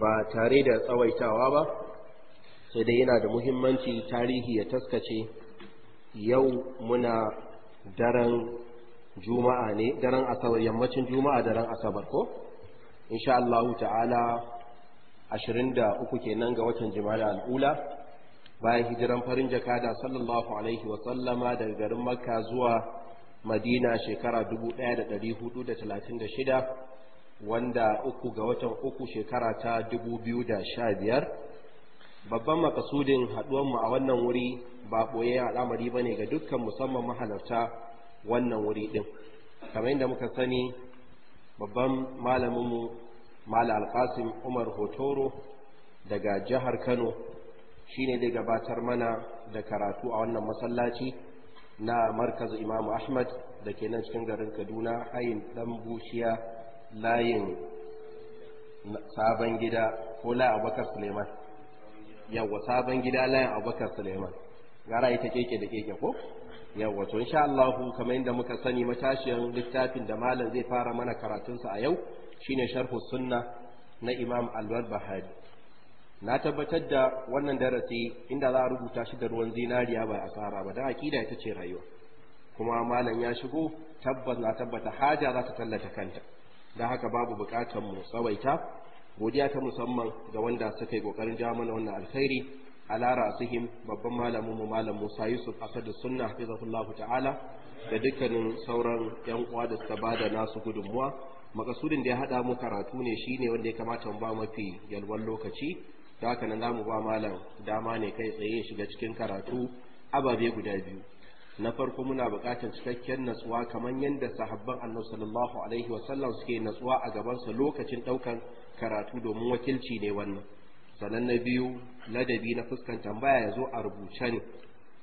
ba tare da tsawaitawa ba sai dai yana da muhimmanci tarihi ya taskace yau muna daren juma'a ne daren asabar yammacin juma'a daren asabar ko insha Allah ta'ala 23 kenan ga watan jimada al'ula bayan hijiran farin jakada sallallahu alaihi wa sallama daga garin makka zuwa madina shekara 1436 wanda uku ga watan uku shekara ta 2015 babban makasudin haɗuwanmu a wannan wuri ba boye al'amari ba ne ga dukkan musamman mahalarta wannan wuri ɗin kamar yadda muka sani babban malaminmu mala alkasim umar hotoro daga jihar kano shine dai gabatar mana da karatu a wannan masallaci na markazin imamu ahmad da ke nan cikin garin kaduna hayin dan bushiya layin sabon gida ko layin abubakar suleiman yawwa sabon gida layin abubakar suleiman gara ita keke da keke ko yawwa to insha Allah kamar yadda muka sani matashiyan littafin da malam zai fara mana karatunsa a yau shine sharhu sunna na imam alwar bahari na tabbatar da wannan darasi inda za a rubuta shi da ruwan zinariya ba a tsara ba dan akida ita ce rayuwa kuma malam ya shigo tabbas na tabbata haja za ta tallata kanta don haka babu bukatar mu tsawaita godiya ta musamman ga wanda suka yi kokarin ja mana wannan alkhairi ala ra'sihim babban malamin mu malam Musa Yusuf asadu Sunna hafizahullahu ta'ala da dukkanin sauran yan uwa da suka bada nasu gudunmuwa makasudin da ya haɗa mu karatu ne shine wanda ya kamata mu ba mafi yalwan lokaci da haka nan zamu ba malam dama ne kai tsaye shiga cikin karatu ababe guda biyu na farko muna buƙatar cikakken natsuwa kamar yadda sahabban annabi sallallahu alaihi sallam suke natsuwa a gaban sa lokacin ɗaukan karatu domin wakilci ne wannan sannan na biyu ladabi na fuskan tambaya ya zo a rubuce ne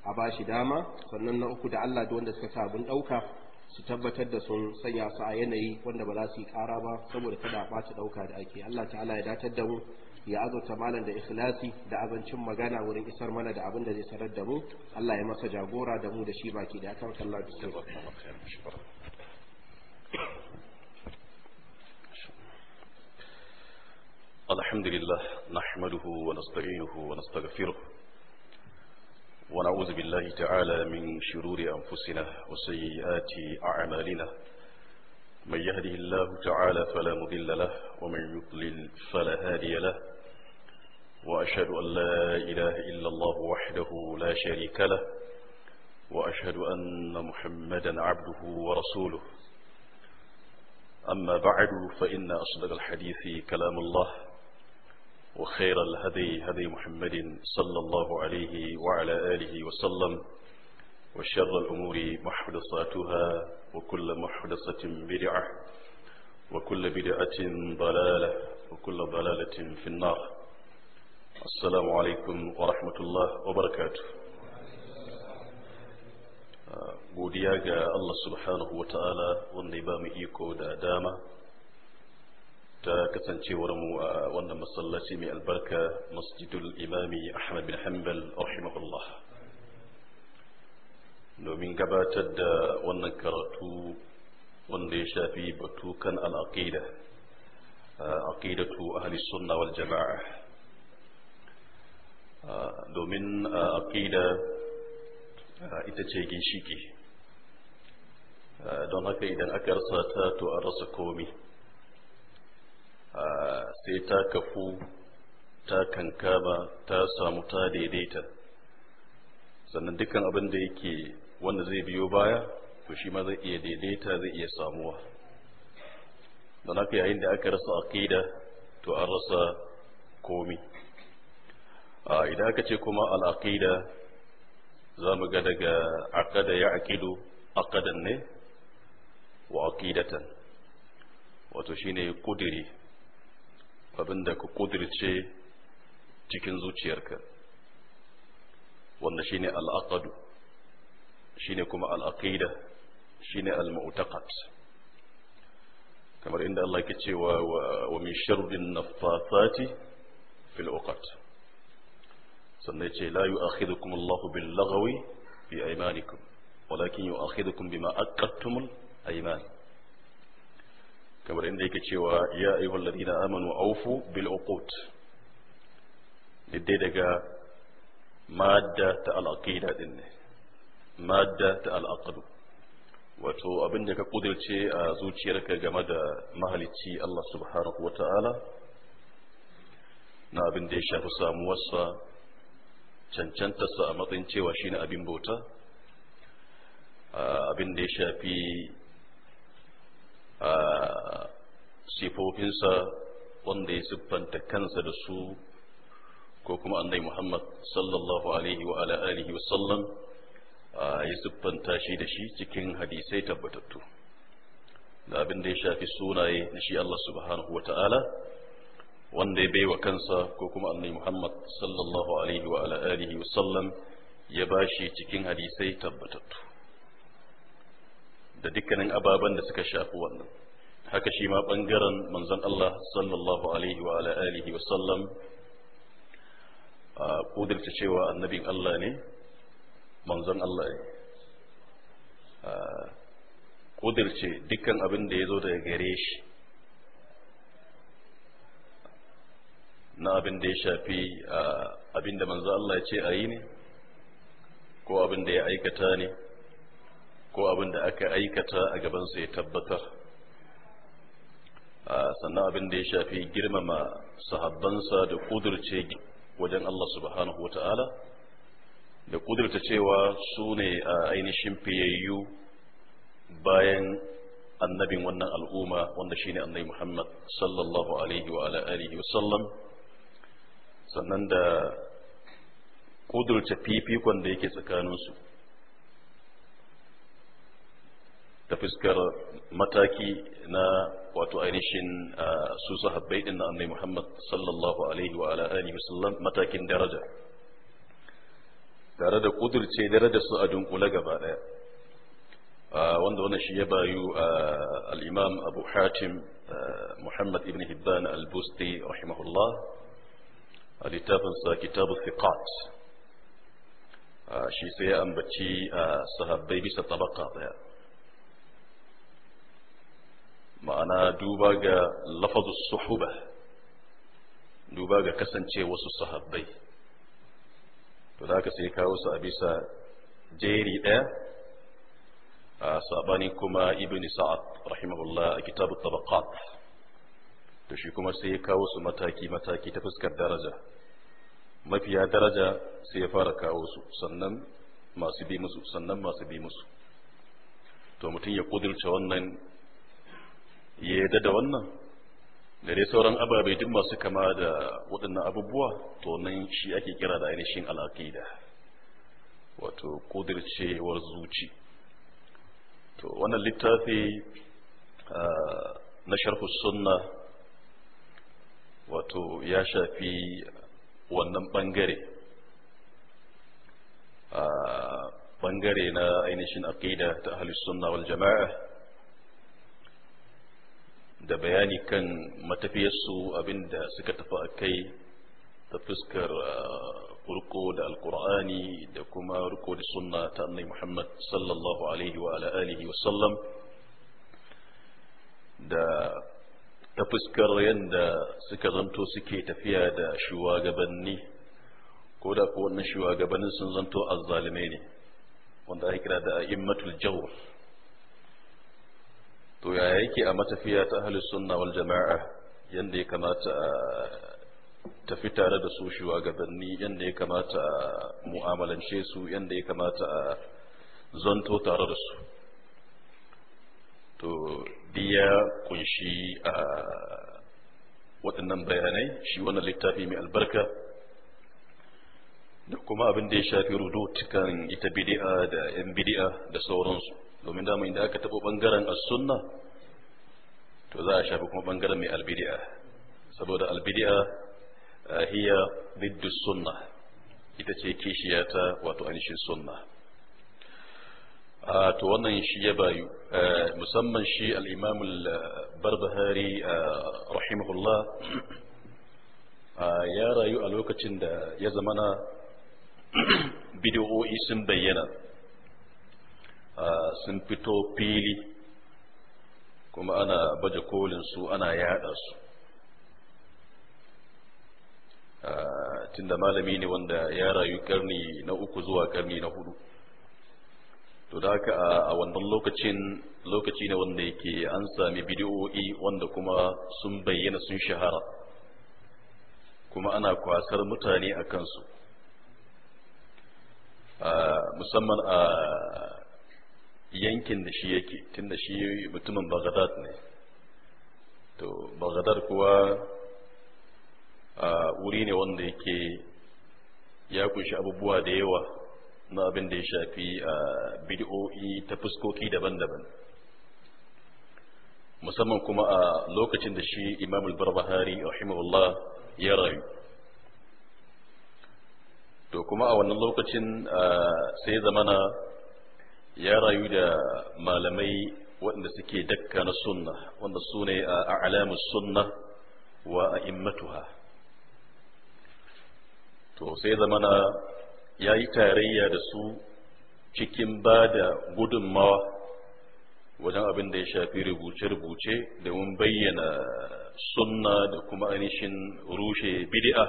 a ba shi dama sannan na uku da Allah da wanda suka sa abin ɗauka su tabbatar da sun sanya su a yanayi wanda ba za su yi kara ba saboda kada a ɓaci ɗauka da ake Allah ta'ala ya datar da mu ya azurta malam da ikhlasi da azancin magana wurin isar mana da abin da zai sanar da mu Allah ya masa jagora da mu da shi baki da aka ya kamata Allah الحمد لله نحمده ونستعينه ونستغفره ونعوذ بالله تعالى من شرور أنفسنا وسيئات أعمالنا من يهده الله تعالى فلا مضل له ومن يضلل فلا هادي له وأشهد أن لا إله إلا الله وحده لا شريك له وأشهد أن محمدا عبده ورسوله أما بعد فإن أصدق الحديث كلام الله وخير الهدي هدي محمد صلى الله عليه وعلى آله وسلم وشر الأمور محدثاتها وكل محدثة بدعة وكل بدعة ضلالة وكل ضلالة في النار السلام عليكم ورحمة الله وبركاته godiya ga Allah subhanahu wa ta'ala wanda ya ba mu iko da dama ta kasancewar mu a wannan masallaci mai albarka masjidul imami Ahmad bin Hanbal rahimahullah domin gabatar da wannan karatu wanda ya shafi batu kan al'aqida aqidatu ahli sunna wal jama'a domin uh, aqida uh, ita ce ginshiki uh, don haka idan aka rasa ta to an rasa komi sai ta kafu ta kankama ta samu ta daidaita sannan dukkan abin da yake wanda zai biyo baya to shi ma zai iya daidaita zai iya samuwa don haka yayin da aka rasa aqida to an rasa komi idan aka ce kuma al'aqida za mu ga daga aqada ya aqidu aqadan ne wa aqidatan wato shi shine kudiri abinda ka kudirce cikin zuciyarka wanda shi shine al'aqadu ne kuma al'aqida shine al-mu'taqad kamar inda Allah ke cewa wa min sharrin naffasati fil uqad sannan ce la yu'akhidhukum Allahu bil laghawi fi aymanikum walakin yu'akhidhukum bima aqadtumul ayman kamar inda yake cewa ya ayyuhal ladina amanu awfu bil uqud diddai daga madda ta al-aqida din ne madda ta al-aqdu wato abin da ka kudirce a zuciyarka game da mahalicci Allah subhanahu wata'ala na abin da ya shafi samuwarsa cancantarsa a matsayin cewa shine abin bauta abin da ya shafi sifofinsa wanda ya siffanta kansa da su ko kuma annai muhammad sallallahu alaihi wa ala alihi wasallam ya siffanta shi da shi cikin hadisai tabbatattu da abin da ya shafi sunaye na shi allah subhanahu wa ta'ala wanda ya baiwa kansa ko kuma annabi Muhammad sallallahu alaihi wa ala alihi wa sallam ya bashi cikin hadisai tabbatattu da dukkanin ababen da suka shafi wannan haka shi ma bangaren manzon Allah sallallahu alaihi wa ala alihi wa sallam a cewa annabin Allah ne manzon Allah ne kudirce dukkan abin da ya zo daga gare shi na abin da ya shafi abin da manzo Allah ya ce a yi ne ko abin da ya aikata ne ko abin da aka aikata a gabansa ya tabbatar sannan abin da ya shafi girmama sahabbansa da kudurce wajen Allah subhanahu wata'ala da kudurta cewa su ne a ainihin fiyayyu bayan annabin wannan al'umma wanda shine annabi Muhammad sallallahu alaihi wa alihi wa sallam sannan da kudurce fifikon da yake tsakaninsu ta fuskar mataki na wato ainihin su sahabbai din na annai Muhammad sallallahu alaihi wa ala alihi wasallam matakin daraja tare da kudurce daraja su a dunkule gaba daya wanda wannan shi ya bayu al-imam Abu Hatim Muhammad ibn Hibban al-Busti rahimahullah littafinsa kitabu fiqat shi sai ya ambaci sahabbai bisa tabaka daya ma'ana duba ga lafazu suhuba duba ga kasance wasu sahabbai to da sai kawo su a bisa jeri daya sabani kuma ibn sa'ad rahimahullah a kitabu tabaqat to shi kuma sai ya kawo su mataki mataki ta fuskar daraja mafiya daraja sai ya fara kawo su sannan masu bi musu sannan masu bi musu to mutum ya kudirce wannan ya yadda da wannan da dai sauran ababai duk masu kama da waɗannan abubuwa to nan shi ake kira da ainihin al'aqida wato kudircewar zuci to wannan littafi na sharhu sunna wato ya shafi wannan bangare a bangare na ainihin aqida ta ahlus sunna wal jama'a da bayani kan matafiyar su abinda suka tafi akai ta fuskar ruko da alqur'ani da kuma ruko da sunna ta annabi muhammad sallallahu alaihi wa alihi wa sallam da ta fuskar yadda suka zanto suke tafiya da shugabanni ko da ko wannan shugabannin sun zanto azzalimai ne wanda ake kira da immatul jawr to yaya yake a matafiya ta ahlus sunna wal jama'a yanda ya kamata tafi tare da su shugabanni yanda ya kamata mu'amalance su yanda ya kamata zanto tare da su to ya kunshi a waɗannan bayanai shi wannan littafi mai albarka da kuma abin da ya shafi rudut kan ita bidi'a da yan bidi'a da sauransu domin dama inda aka taɓa ɓangaren sunna to za a shafi kuma ɓangaren mai albidi'a saboda albidi'a hiya biddu sunna ita ce kishiyata wato anishin sunna to wannan shi ya bayu musamman shi al-imam al-barbahari rahimahullah ya rayu a lokacin da ya zamana bidiyo'i sun bayyana sun fito fili kuma ana baje kolin su ana yada su tunda malami ne wanda ya rayu karni na uku zuwa karni na hudu to da haka a wannan lokacin lokaci ne wanda yake an sami bidiyo'i wanda kuma sun bayyana sun shahara kuma ana kwasar mutane a kansu musamman a yankin da shi yake tun da shi mutumin bagadad ne to bagadad kuwa wuri ne wanda yake ya kunshi abubuwa da yawa na abin da ya shafi bidi'o'i ta fuskoki daban-daban musamman kuma a lokacin da shi imam al-barbahari rahimahullah ya rayu to kuma a wannan lokacin sai zamana ya rayu da malamai waɗanda suke dakka na sunna wanda su ne a alamus sunna wa a immatuha to sai zamana ya yi tarayya da su cikin ba da gudunmawa wajen abin da ya shafi rubuce-rubuce domin bayyana sunna da kuma ainihin rushe bid'a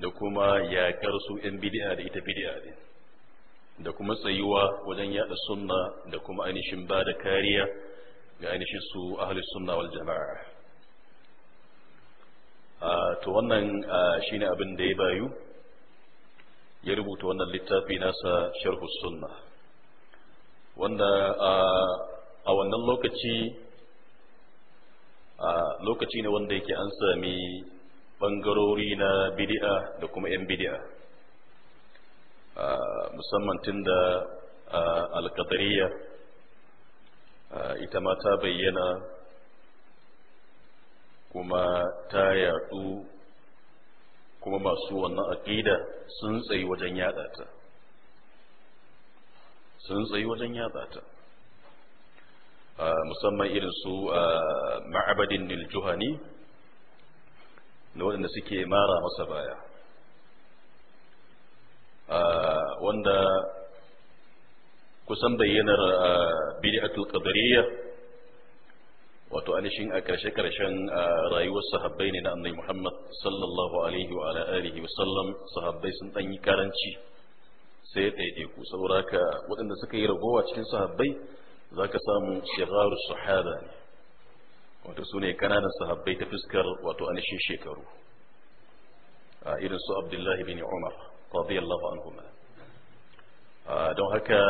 da kuma yaƙar su 'yan bid'a da ita bid'a ne da kuma tsayuwa wajen yaɗa sunna da kuma ainihin ba da kariya ga ainihin su ahalis sunna wal jama'a to wannan shine abin da ya bayu ya rubuta wannan littafi nasa sharhu sunna wanda a wannan lokaci lokaci ne wanda yake an sami bangarori na bidi'a da kuma 'yan bidi'a musamman tun da alkadariya ita ma ta bayyana kuma ta yadu kuma masu wannan aƙida sun tsayi wajen yada ta sun tsayi wajen yada ta musamman irin su ma'abadin niljuhani da waɗanda suke mara masa baya wanda kusan bayyanar bid'atul qadariyya wato alishin a karshe karshen rayuwar sahabbai ne na annabi Muhammad sallallahu alaihi wa ala alihi wa sallam sahabbai sun dan yi karanci sai ya daide ku saboda haka waɗanda suka yi ragowa cikin sahabbai ka samu shigaru sahaba ne wato su ne kananan sahabbai ta fuskar wato alishin shekaru irin su Abdullahi bin Umar radiyallahu anhu don haka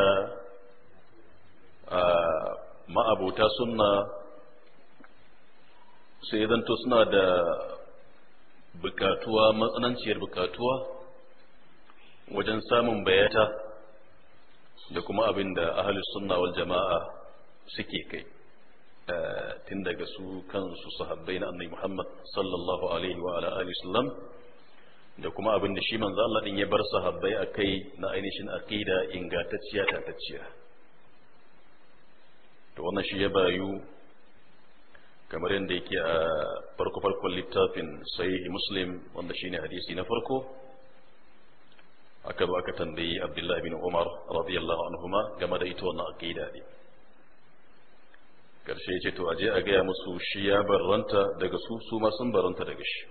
ma'abota sunna sai zanto suna da bukatuwa matsananciyar bukatuwa wajen samun bayata da kuma abin da ahalus sunna jama'a suke kai eh, tun daga su kansu sahabbai na annabi Muhammad sallallahu alaihi wa alihi sallam da kuma abin da shi manzo Allah din ya bar sahabbai akai na ainihin aqida ingantacciya tatacciya to wannan shi ya bayu kamar yadda yake a farko-farkon littafin sahihi muslim wanda shine hadisi na farko aka zo aka tambayi abdullahi bin umar radiyallahu anhuma game da ita wannan aqida ne karshe yace to aje a gaya musu shi ya baranta daga su su ma sun barranta daga shi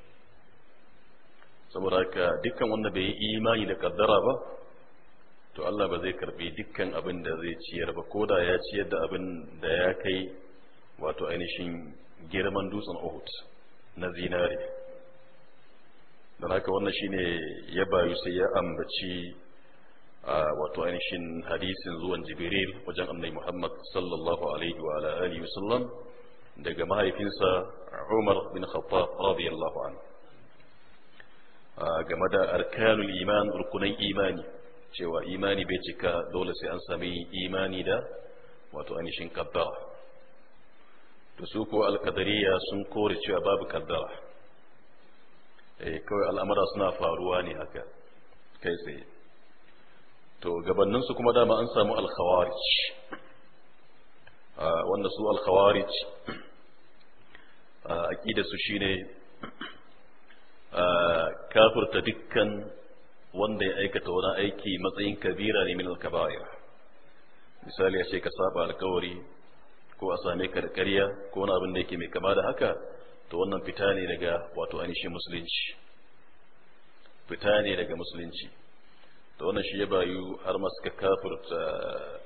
saboda haka dukkan wanda bai yi imani da kaddara ba to Allah ba zai karbi dukkan abin da zai ciyar ba ko da ya ciyar da abin da ya kai wato ainihin girman dutsen uhud na zinare don haka wannan shine ya bayu sai ya ambaci wato ainihin hadisin zuwan jibril wajen annai muhammad sallallahu alaihi wa alihi wasallam daga mahaifinsa umar bin khattab radiyallahu anhu game da arkanul iman rukunan imani cewa imani bai cika dole sai an sami imani da wato ainihin kabbara to su ko alkadariya sun kore cewa babu kaddara eh kawai al'amura suna faruwa ne haka kai tsaye to gabanin su kuma dama an samu alkhawarij ah, wanda su alkhawarij ah, aqida su shine ah, kafurta dukkan wanda ya aikata wani aiki matsayin kabira ne min alkabair misali ya ce ka saba alkawari ko a same ka da ƙarya ko wani abin da yake mai kama da haka to wannan fita ne daga wato ainihi musulunci fita ne daga musulunci to wannan shi ya bayu har ma suka kafirta eh,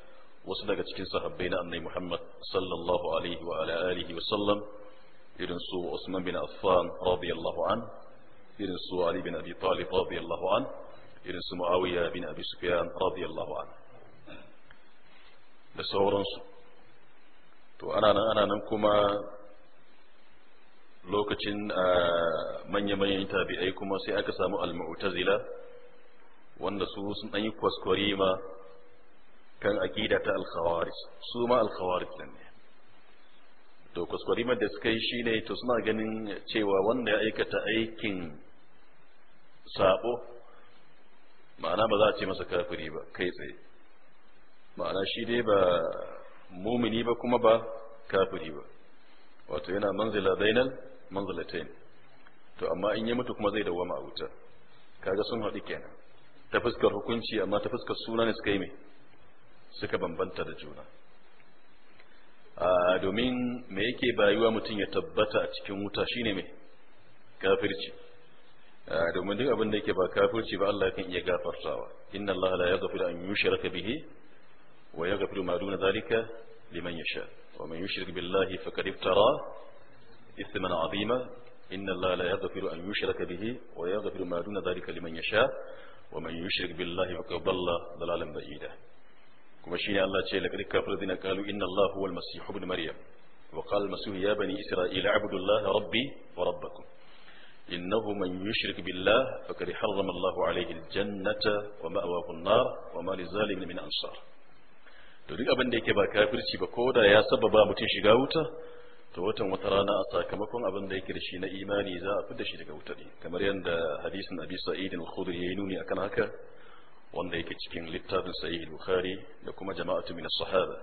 wasu daga cikin sahabbai na annabi Muhammad sallallahu alaihi wa ala alihi wa sallam irin su Usman bin Affan radiyallahu an irin su Ali bin Abi Talib radiyallahu an irin su Muawiya bin Abi Sufyan radiyallahu an da sauransu to ana nan ana nan kuma lokacin ah, manya-manyan tabi'ai kuma sai aka samu al-mu'tazila wanda su sun ɗan yi kwaskwari ma kan aƙida ta al-khawarij su ma al-khawarij ne to kwaskwari ma da suka yi shine to suna ganin cewa wanda ya aikata aikin sabo ma'ana ba za a ce masa kafiri ba kai tsaye ma'ana shi dai ba mumini ba kuma ba kafiri ba wato yana manzila bainal manzilatain to amma in ya mutu kuma zai dawwama a wuta kaga sun haɗu kenan ta fuskar hukunci amma ta fuskar suna ne suka yi mai suka bambanta da juna domin me yake bayuwa mutum ya tabbata a cikin wuta shine mai kafirci domin duk abin da yake ba kafirci ba Allah kan iya gafartawa inna Allah la yaghfiru an yushraka bihi ويغفر ما دون ذلك لمن يشاء ومن يشرك بالله فقد افترى إثما عظيما إن الله لا يغفر أن يشرك به ويغفر ما دون ذلك لمن يشاء ومن يشرك بالله فقد ضل ضلالا بعيدا كما شين الله تعالى لك الكافر الذين قالوا إن الله هو المسيح ابن مريم وقال المسيح يا بني إسرائيل اعبدوا الله ربي وربكم إنه من يشرك بالله فقد حرم الله عليه الجنة ومأواه النار وما للظالمين من أنصار to duk abin da yake ba kafirci ba ko da ya sababa mutum shiga wuta to watan wata rana a sakamakon abin da yake da shi na imani za a da shi daga wuta ne kamar yadda hadisin abi Sa'idin al-khudri yayi nuni akan haka wanda yake cikin littafin sahih bukhari da kuma jama'atu min as-sahaba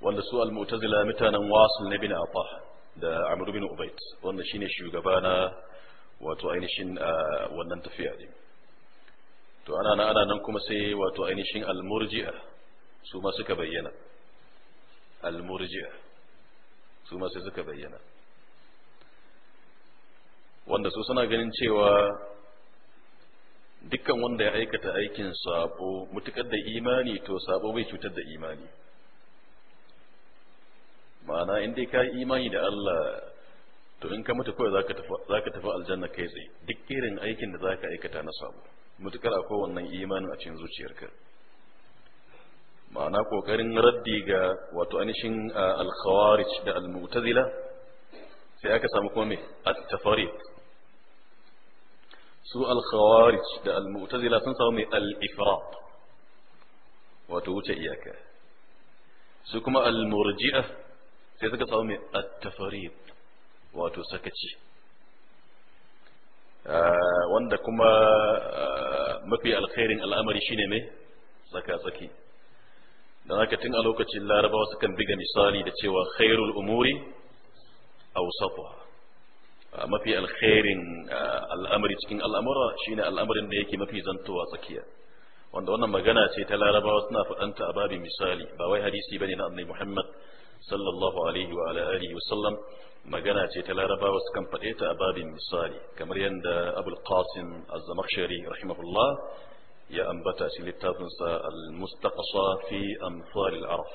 wanda su al-mu'tazila mutanen wasil na bin atah da amru bin ubayd wanda shine shugaba na wato ainihin ah, wannan tafiya ne to ana nan ana nan kuma sai wato ainihin almurji'a su ma suka bayyana almurji'a su ma sai suka bayyana wanda su suna ganin cewa dukkan wanda ya aikata aikin sabo mutukar da imani to sabo bai cutar da imani ma'ana in dai ka yi imani da Allah to in ka mutu kawai za ka tafi aljanna kai tsaye duk irin aikin da za ka aikata na sabo mutukar akwai wannan imanin a cikin zuciyarka ma'ana kokarin raddi ga wato anishin al-khawarij da al-mu'tazila sai aka samu kuma mai at-tafarid su al-khawarij da al-mu'tazila sun samu mai al-ifrat wato wuce iyaka su kuma al-murji'a sai suka samu mai at-tafarid wato sakaci wanda kuma mafi alkhairin al'amari shine mai tsaka-tsaki da haka tun a lokacin larabawa sukan biga misali da cewa khairul umuri awsatuha mafi alkhairin al'amari cikin al'amura shine al'amarin da yake mafi zantowa tsakiya wanda wannan magana ce ta larabawa suna faɗanta a babin misali ba wai hadisi bane na annabi Muhammad sallallahu alaihi wa alihi wa sallam magana ce ta larabawa su kan faɗe ta a babin misali kamar yadda abul qasim az-zamakhshari rahimahullah ya ambata shi littafin sa al-mustaqsa fi amsal al-arab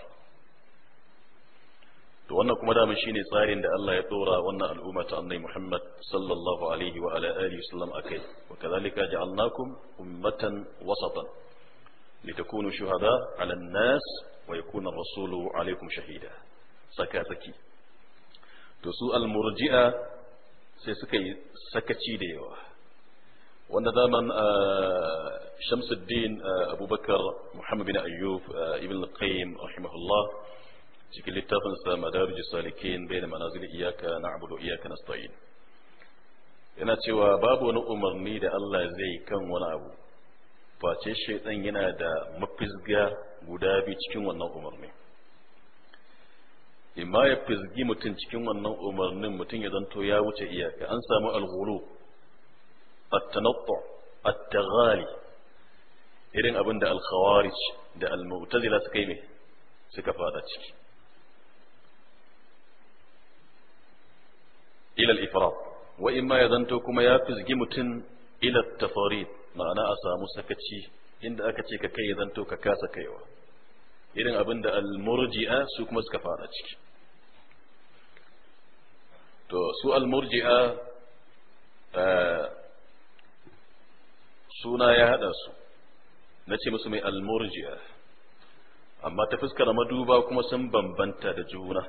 to wannan kuma da shine tsarin da Allah ya dora wannan al'umma ta annabi Muhammad sallallahu alaihi wa ala alihi wasallam akai wa kadhalika ja'alnakum ummatan wasatan litakunu shuhada 'ala an-nas wa yakuna ar-rasulu 'alaykum shahida saka saki to su almurji'a sai suka yi sakaci da yawa wanda zaman ah, shamsuddin ah, abubakar muhammad bin ayyub ah, ibn qayyim rahimahullah cikin littafin sa madarij salikin bai manazil iyaka na'budu iyaka nasta'in yana cewa babu wani umarni da Allah zai kan wani abu face shaitan yana da mafisga guda biyu cikin wannan umarni imma ya fizgi mutum cikin wannan umarnin mutum ya zanto ya wuce iyaka an samu alghulu at-tanattu at-taghali irin abin da al-khawarij da al-mu'tazila suka yi ne suka fada ciki ila al-ifrat wa imma ya zanto kuma ya fizgi mutum ila at-tafarid ma'ana a samu sakaci inda aka ce ka kai ya zanto ka kasa kaiwa irin abin da al-murji'a su kuma suka fada ciki to su almurji'a eh, suna ya haɗa su na ce musu mai almurji'a amma ta fuskar maduba kuma sun bambanta da juna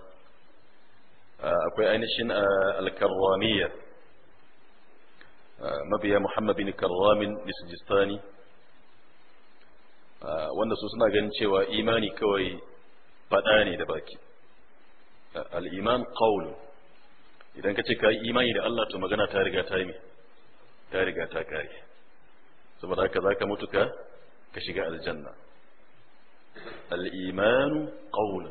eh, akwai ainihin eh, alkarwamiyya mabiya muhammad bin karwamin nisjistani wanda su suna ganin cewa imani kawai faɗa ne da baki al'iman ƙaunin idan ka ce ka yi imani da Allah to magana ta riga ta yi ta riga ta kare saboda haka za ka mutu ka ka shiga aljanna imanu qawla.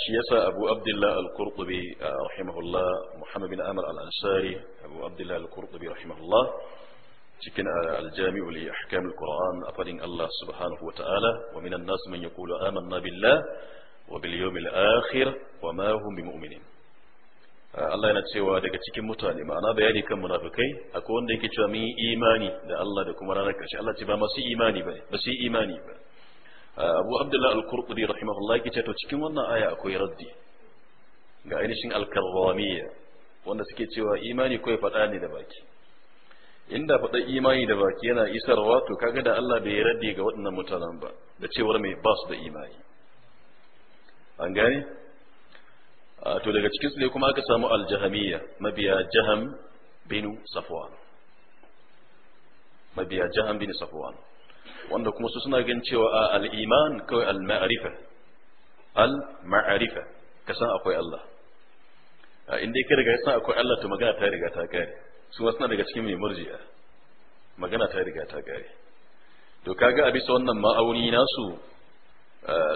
shi yasa abu abdullah al-qurtubi rahimahullah muhammad bin amr al-ansari abu abdullah al-qurtubi rahimahullah cikin aljami'u li ahkam al-qur'an a Allah subhanahu wa ta'ala wa minan nas man yaqulu amanna billah wa bil yawmil akhir wa Allah yana cewa daga cikin mutane ma'ana bayani kan munafikai akwai wanda yake cewa mun yi imani da Allah da kuma ranar karshe Allah ce ba masu imani ba ba su imani ba Abu Abdullah Al-Qurtubi rahimahullah yake cewa to cikin wannan aya akwai raddi ga ainihin al-karramiyya wanda suke cewa imani kawai faɗa ne da baki inda faɗa imani da baki yana isarwa to kaga da Allah bai raddi ga waɗannan mutanen ba da cewar mai ba su da imani an gane Ah, to daga cikin su ne kuma aka samu aljahamiya mabiya jaham bin safwan mabiya jaham bin safwan wanda kuma su suna gan cewa ah, al-iman kawai al-ma'rifa al-ma'rifa ka san akwai Allah ah, in dai ka riga san akwai Allah to magana ta riga ta kare su wasu daga cikin mai murji'a magana ta riga ta kare to kaga a bisa wannan ma'auni nasu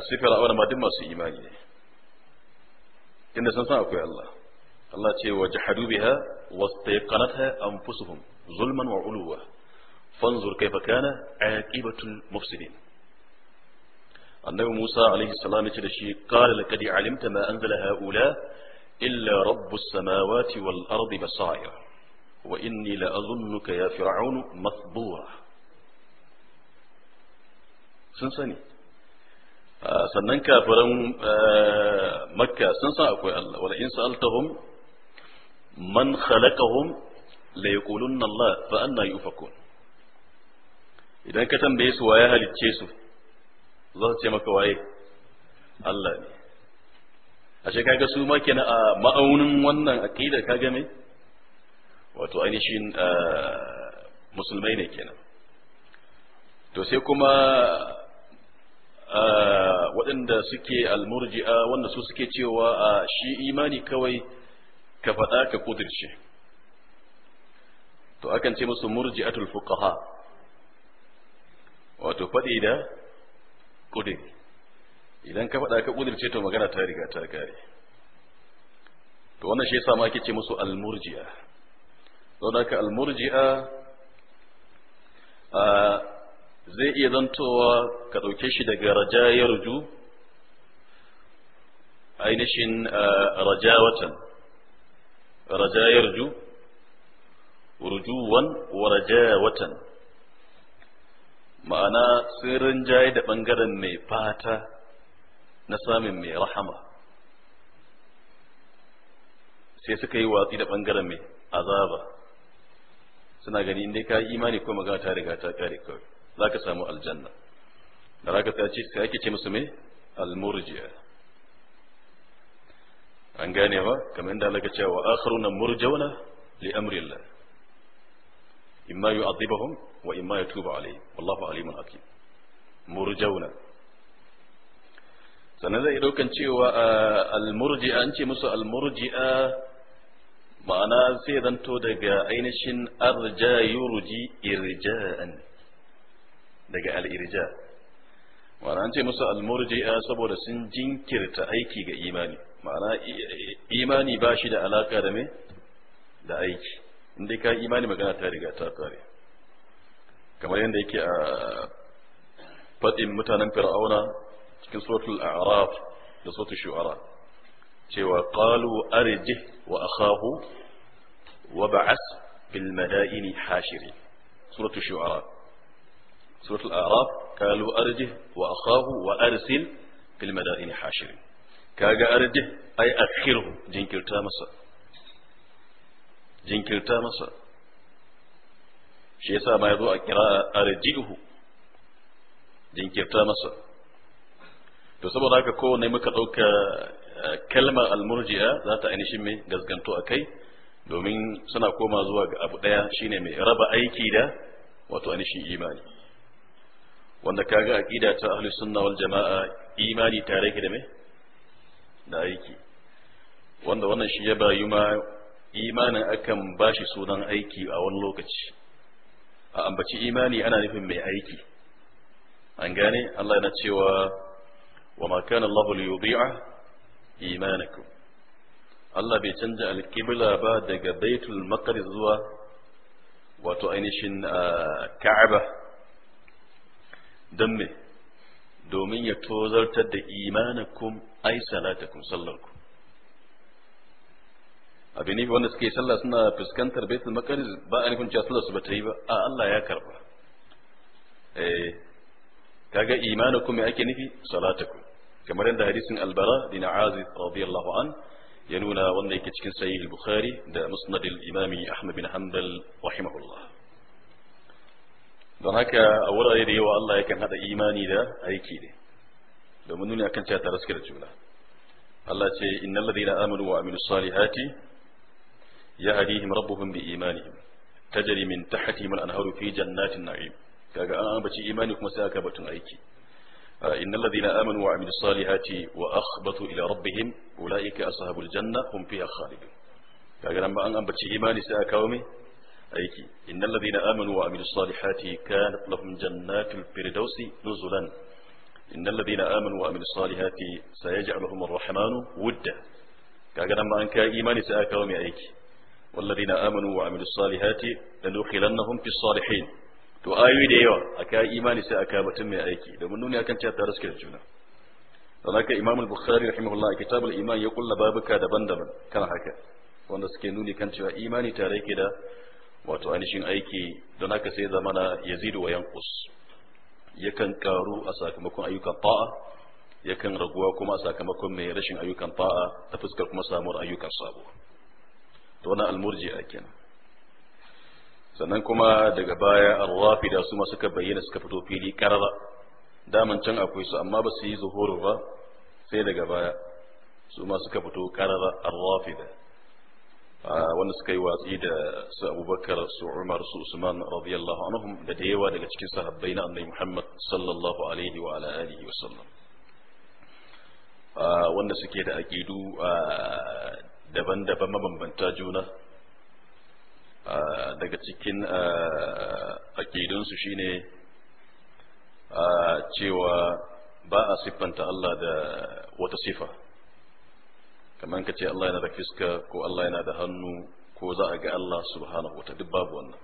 sifar wannan ma duk masu imani ne إن سنصنعك يا الله الله تي وجحدوا بها واستيقنتها أنفسهم ظلما وعلوا فانظر كيف كان عاقبة المفسدين النبي موسى عليه السلام تلشي قال لكدي علمت ما أنزل هؤلاء إلا رب السماوات والأرض بصائر وإني لأظنك يا فرعون مطبوع سنساني Eh, sannan kafiran eh, makka sun san akwai Allah wala in sa'altahum man khalaqahum la yaqulunna Allah fa anna yufakun idan ka tambaye su waye halicce su za su ce maka waye Allah ne ashe kaga su ma kenan a ma'aunin wannan aqida kaga me wato ainihin eh, musulmai ne kenan to sai kuma waɗanda suke almurji'a wanda su suke cewa a shi imani kawai ka faɗa ka kudirce to akan ce musu murji'atul fuqaha wato faɗi da kudir idan ka faɗa ka kudirce to magana ta riga ta kare to wannan shi yasa ma ake ce musu almurji'a don haka almurji'a zai iya zantowa ka ɗauke shi daga raja ya ruju ainihin eh, raja watan raja ya ruju rujuwan wa raja watan ma'ana sirrin jaye da ɓangaren mai fata na samun mai rahama sai suka yi watsi da ɓangaren mai azaba suna gani inda ka imani ko magana ta riga ta kare kawai za ka samu aljanna da raka sai ake ce musu me almurji'a an gane ba kamar inda laka cewa akharuna murjawna li amri amrillah imma yu'adhibuhum wa imma yatubu alayhi wallahu alimun hakim murjawna sannan zai daukan cewa almurji'a an ce musu almurji'a ma'ana sai zanto daga ainihin arja yurji irja'an daga al'irja ma'ana an ce musu almurji'a saboda sun jinkirta aiki ga imani ma'ana imani ba shi da alaka da me da aiki inda ka imani magana ta riga ta kare kamar yadda yake a faɗin mutanen fir'auna cikin suratul a'raf da suratul shu'ara cewa qalu arjih wa akhahu wa ba'as fil madaini hashiri suratul shu'ara suratul a'raf kalu arjih wa akhahu wa arsil fil madaini hashirin kaga arjih ay akhirhu jinkirta masa jinkirta masa shi ma yazo a kira arjihu jinkirta masa to saboda haka kowanne muka dauka kalmar almurji'a za ta ainihin mai gaskanto a kai domin suna koma zuwa ga abu ɗaya shine mai raba aiki da wato ainihin imani wanda kaga aqida ta ahli sunna wal jama'a imani tare ki da me da aiki wanda wannan shi ya bayu ma imanin akan bashi sunan aiki a wani lokaci a ambaci imani ana nufin mai aiki an gane Allah yana cewa wa ma kana Allah li imanakum Allah bai canja alqibla ba daga Baitul Maqdis zuwa wato ainihin ah, Ka'aba don me domin ya tozartar da imanakum ai salatakum sallarku abin nufi wanda suke sallah suna fuskantar baitul maqdis ba a nufin cewa sallar su bata yi ba a Allah ya karba eh kaga imanakum me ake nufi salatakum kamar yadda hadisin albara bin azib radiyallahu an ya nuna wanda yake cikin sahih al-bukhari da musnad al-imami ahmad bin hanbal rahimahullah don haka a wurare da yawa Allah yakan hada imani da aiki ne domin nuni akan cewa tare suke da juna Allah ce innal ladina amanu wa amilus salihati yahdihim rabbuhum bi imanihim tajri min tahtihim al-anharu fi jannatin na'im kaga an ambaci imani kuma sai aka batun aiki إن wa aminu وعملوا الصالحات وأخبتوا إلى ربهم أولئك أصحاب الجنة هم فيها خالدون kaga nan ba an ambaci imani sai aka kawo aiki innal ladina amanu wa amilus salihati kanat lahum jannatul firdausi nuzulan innal ladina amanu wa amilus salihati sayaj'aluhum ar-rahmanu wudda kaga nan ma an kai imani sai aka mai aiki والذين آمنوا وعملوا الصالحات لندخلنهم في الصالحين to ayoyi da yawa aka imani sai aka batun mai aiki domin nuni akan cewa tare suke da juna don haka imam al-bukhari rahimahullah a kitabul iman ya kulla babuka daban-daban kan haka wanda suke nuni kan cewa imani tare yake da wato ainihin aiki don haka sai zamana yazidu wa yanqus yakan karu a sakamakon ayyukan ta'a yakan raguwa kuma a sakamakon mai rashin ayyukan ta'a ta fuskar kuma samuwar ayyukan sabo to wannan almurji'a kenan sannan kuma daga baya ar-rafida su ma suka bayyana suka fito fili karara daman can akwai su amma ba su yi zuhuru ba sai daga baya su suka fito karara ar-rafida wanda suka yi watsi da su abubakar su umar su usman radiyallahu anhum da da yawa daga cikin sahabbai na annabi muhammad sallallahu alaihi wa ala wa sallam wanda suke da aqidu daban-daban mabambanta juna daga cikin su shine cewa ba a siffanta Allah da wata sifa kamar ka ce Allah yana da fiska ko Allah yana da hannu ko za a ga Allah subhanahu wa duk babu wannan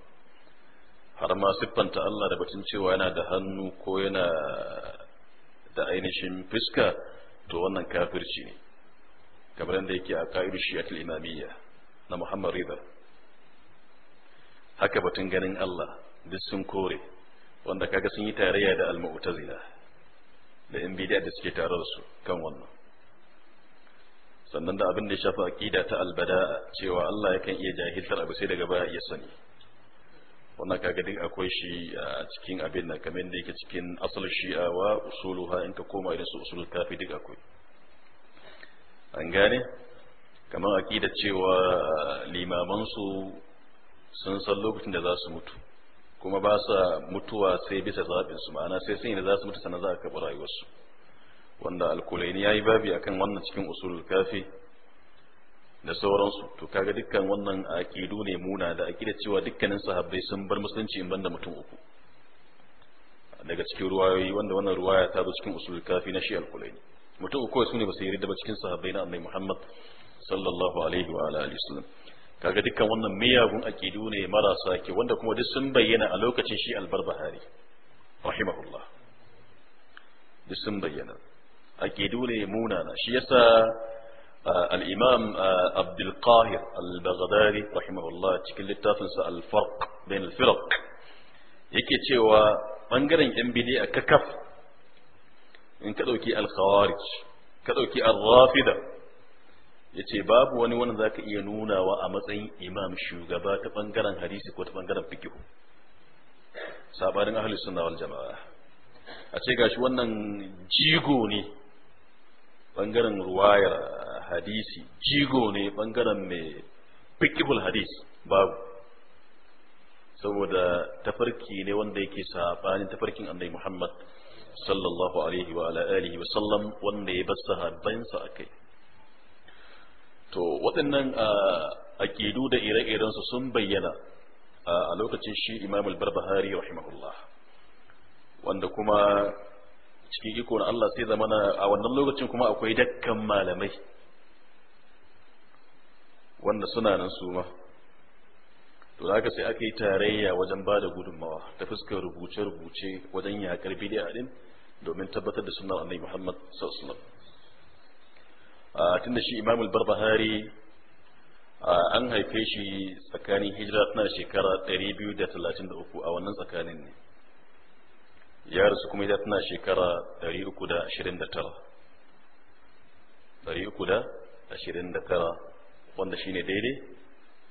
har ma siffanta Allah da batun cewa yana da hannu ko yana da ainihin fiska to wannan kafirci ne kamar yadda yake a ka'idu shi'atul imamiyya na Muhammad Rida haka batun ganin Allah duk sun kore wanda kaga sun yi tarayya da al-mu'tazila da in bidiyar da suke tare da su kan wannan sannan da abin da ya shafa aqida ta albada cewa Allah yakan iya jahiltar abu sai daga baya ya sani wannan kaga duk akwai shi a cikin abin nan kamar da yake cikin asal shi'a wa usuluha in ka koma irin su usul kafi duk akwai an gane kamar aqida cewa limaman su sun san lokacin da za su mutu kuma ba sa mutuwa sai bisa zaɓin su ma'ana sai sun yi da za su mutu sannan za a karɓi rayuwarsu wanda alkulaini ya yi babi akan wannan cikin usulul kafi da sauransu to kaga dukkan wannan aqidu ne muna da aqida cewa dukkanin sahabbai sun bar musulunci in banda mutum uku daga cikin ruwayoyi wanda wannan ruwaya ta zo cikin usulul kafi na shi alkulaini mutum uku su ne ba su yi ba cikin sahabbai na annabi Muhammad sallallahu alaihi wa alihi wasallam kaga dukkan wannan miyagun aqidu ne marasa ke wanda kuma duk sun bayyana a lokacin shi albarbahari rahimahullah duk sun bayyana aqidu ne munana shi yasa al-imam Abdul Qahir al-Baghdadi rahimahullah cikin littafinsa al-Farq bain al-Firq yake cewa ɓangaren yan bid'a ka kaf in ka dauki al-Khawarij ka dauki ar-Rafida yace babu wani wanda ka iya nunawa a matsayin imam shugaba ta bangaren hadisi ko ta bangaren fiqh sabanin ahlus sunna wal jamaa a ce gashi wannan jigo ne bangaren ruwayar hadisi jigo ne bangaren mai fikibul hadis babu saboda tafarki ne wanda yake sabanin tafarkin annabi Muhammad sallallahu alaihi wa ala alihi wa sallam wanda ya bar sahabbansa akai to waɗannan aƙidu da ire-iren su sun bayyana a lokacin shi Imam al-Barbahari rahimahullah wanda kuma cikin iko na Allah sai zamana a wannan lokacin kuma akwai dakkan malamai wanda suna nan su ma to da sai aka yi tarayya wajen ba da gudunmawa ta fuskar rubuce-rubuce wajen yakar bidiya din domin tabbatar da sunan annabi Muhammad sallallahu alaihi wasallam tunda shi Imam al-Barbahari an haife shi tsakanin hijira tana shekara 233 a wannan tsakanin ne ya rasu kuma ita tana shekara 329 329 wanda shine daidai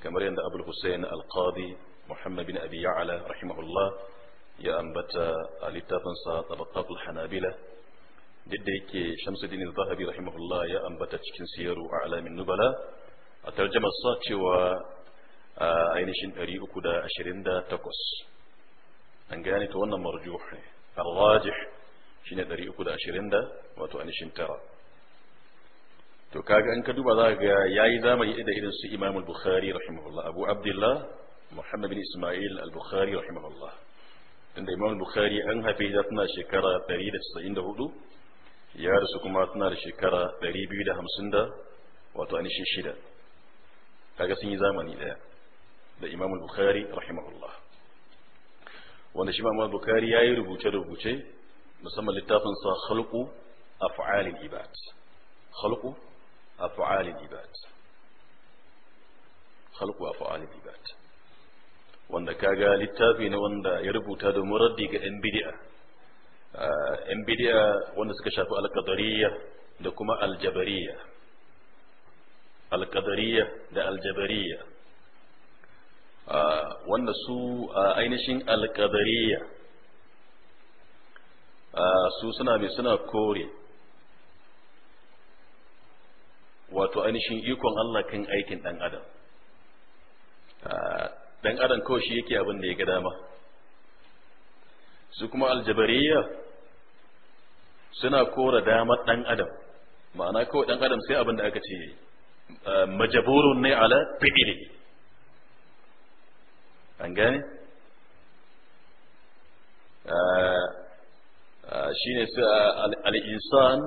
kamar yadda abul hussein alqadi muhammad bin abi ya'ala rahimahullah ya ambata a littafinsa tabaqatul hanabila duk yake shamsuddin zahabi rahimahullah ya ambata cikin siyaru alamin nubala a tarjamar sa cewa a ainihin 328 an gane ta wannan marjuh ne الراجح shine 320 da wato anishin tara to kaga in ka duba za ga yayi zamani da irin su Imam al-Bukhari rahimahullah Abu Abdullah Muhammad bin Ismail al-Bukhari rahimahullah inda Imam al-Bukhari an haife da tana shekara 194 ya rasu kuma tana da shekara 250 da wato anishin shida kaga sun yi zamani daya da Imam al-Bukhari rahimahullah wanda shi ma bukari ya yi rubuce-rubuce musamman littafinsa khalqu af'alil ibad khalqu af'alil ibad khalqu af'alil ibad wanda kaga littafi ne wanda ya rubuta da muraddi ga yan bid'a yan bid'a wanda suka shafi alqadariyya da kuma aljabariyya alqadariyya da aljabariyya wanda su ainihin alƙadariya su suna mai suna kore wato ainihin ikon Allah kan aikin ɗan adam ɗan adam kawai shi yake abin da ya ga dama su kuma aljabariya suna kora damar ɗan adam ma'ana kawai ɗan adam sai abin da aka ce majaburun ne ala fi'ili an gane ah, shi ne su ah, al'insan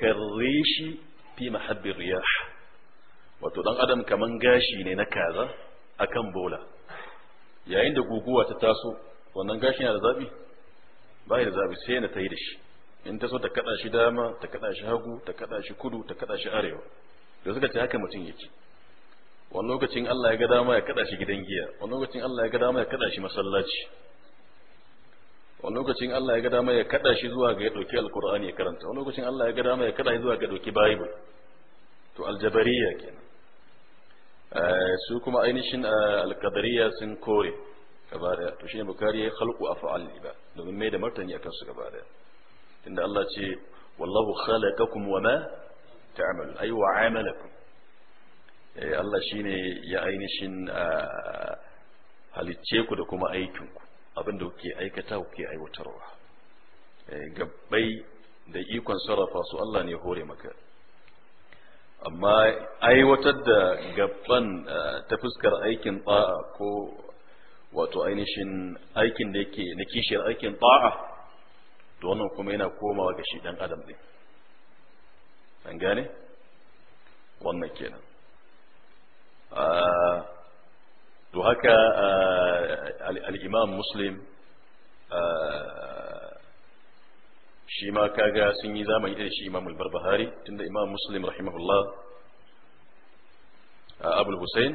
karreshi fi mahabbin riyah wato dan adam kaman gashi ne na kaza akan bola yayin da guguwa ta taso wannan gashi na da zabi ba da zabi sai na ta yi da shi in ta so ta kaɗa shi dama ta kaɗa shi hagu ta kaɗa shi kudu ta kaɗa shi arewa da suka ce haka mutum yake wani lokacin Allah ya ga dama ya kada shi gidan giya wani lokacin Allah ya ga dama ya kada shi masallaci wani lokacin Allah ya ga dama ya kada shi zuwa ga ya dauki alkur'ani ya karanta wani lokacin Allah ya ga dama ya kada shi zuwa ga ya dauki bible to aljabariya kenan eh, su kuma ainihin eh, alkadariya sun kore gaba daya to shine bukari ya khalqu af'al ba domin mai da martani akan su gaba daya tunda Allah ce wallahu khalaqakum wama ta'malu ay wa amalakum Eh, Allah shine ya ainihin ah, halicce ku da kuma aikinku da kuke aikata kuke aiwatarwa eh, gabbai da ikon sarrafa su Allah ne hore maka amma aiwatar da gabban ah, ta fuskar aikin ba'a ko wato ainihin aikin da yake na kishiyar aikin ba'a to wannan kuma yana komawa ga shi dan adam ɗin an gane wannan kenan وهكا الإمام مسلم shi ma kaga sun yi zamani irin shi imamul barbahari tunda imam muslim rahimahullah abul hussein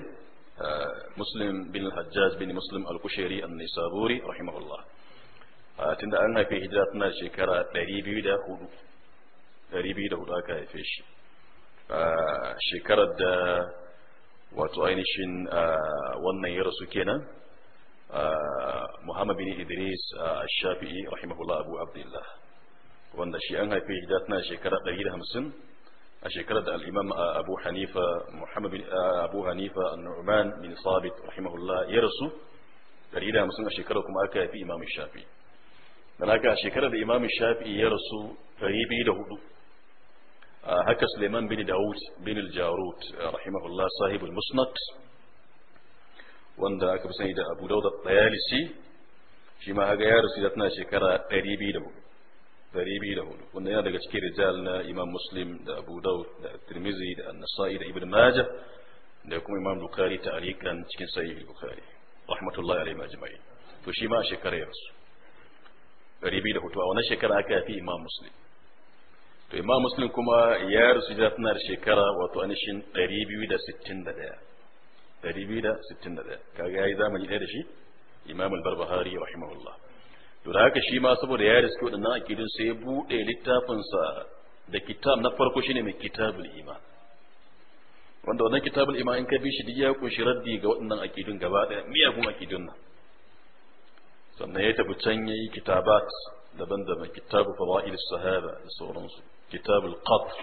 muslim bin hajjaj bin muslim al-kushairi an-nisaburi rahimahullah tunda an haife hijira tana shekara 204 204 aka haife shi shekarar da wato ainihin wannan ya rasu kenan muhammad bin idris shafi'i rahimahullah abu abdullah wanda shi an haife hijira tana shekara 150 a shekarar da al'imam abu hanifa muhammad bin abu hanifa an-nu'man bin sabit rahimahullah ya rasu 150 a shekarar kuma aka haifi imam shafi'i dan haka a shekarar da imam shafi'i ya rasu 204 هكا سليمان بن داود بن الجاروت آه، رحمه الله صاحب المسند وندا هكا سيد ابو داود الطيالسي شما هكا يا رسيدتنا شكرا قريبي له قريبي له وندا يا دغا شكي رجالنا امام مسلم دا ابو داود دا الترمذي دا النسائي ابن ماجه دا كوم امام البخاري تعليقا شكي صحيح البخاري رحمه الله عليهم اجمعين فشيما شكرا يا رسول قريبي له تو وانا شكرا هكا في امام مسلم to imam muslim kuma ya rusu jira tana da shekara wato anishin 261 261 kaga yayi zamani ɗaya da shi imam al-barbahari rahimahullah to da haka shi ma saboda ya riske waɗannan akidun sai ya buɗe littafinsa da kitab na farko shine mai kitabul iman wanda wannan kitabul iman in ka bi shi duk ya kunshi raddi ga wadannan akidun gaba ɗaya miyagun akidun nan sannan ya tafi can ya kitabat daban-daban kitabu fada'il sahaba da sauransu kitab al-qadr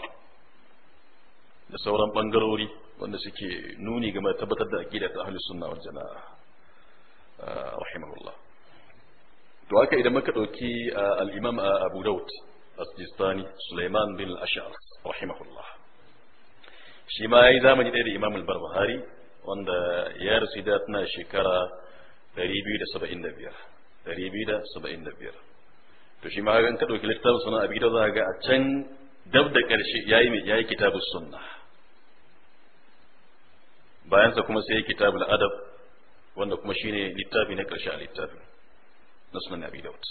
da sauran bangarori wanda suke nuni game da tabbatar da aqida ta ahlus sunna wal jamaa rahimahullah to haka idan muka dauki al-imam abu daud as-sistani sulaiman bin al-ash'ar rahimahullah shi ma yayi zamani da imam al-barbahari wanda ya rasu da tana shekara 275 275 to shi ma ga ka dauki littafin sunan abi daud za ga a can dab da ƙarshe yayi mai yayi kitabus sunna bayan sa kuma sai kitabul adab wanda kuma shine littafi na ƙarshe a littafi na sunan nabi Dawud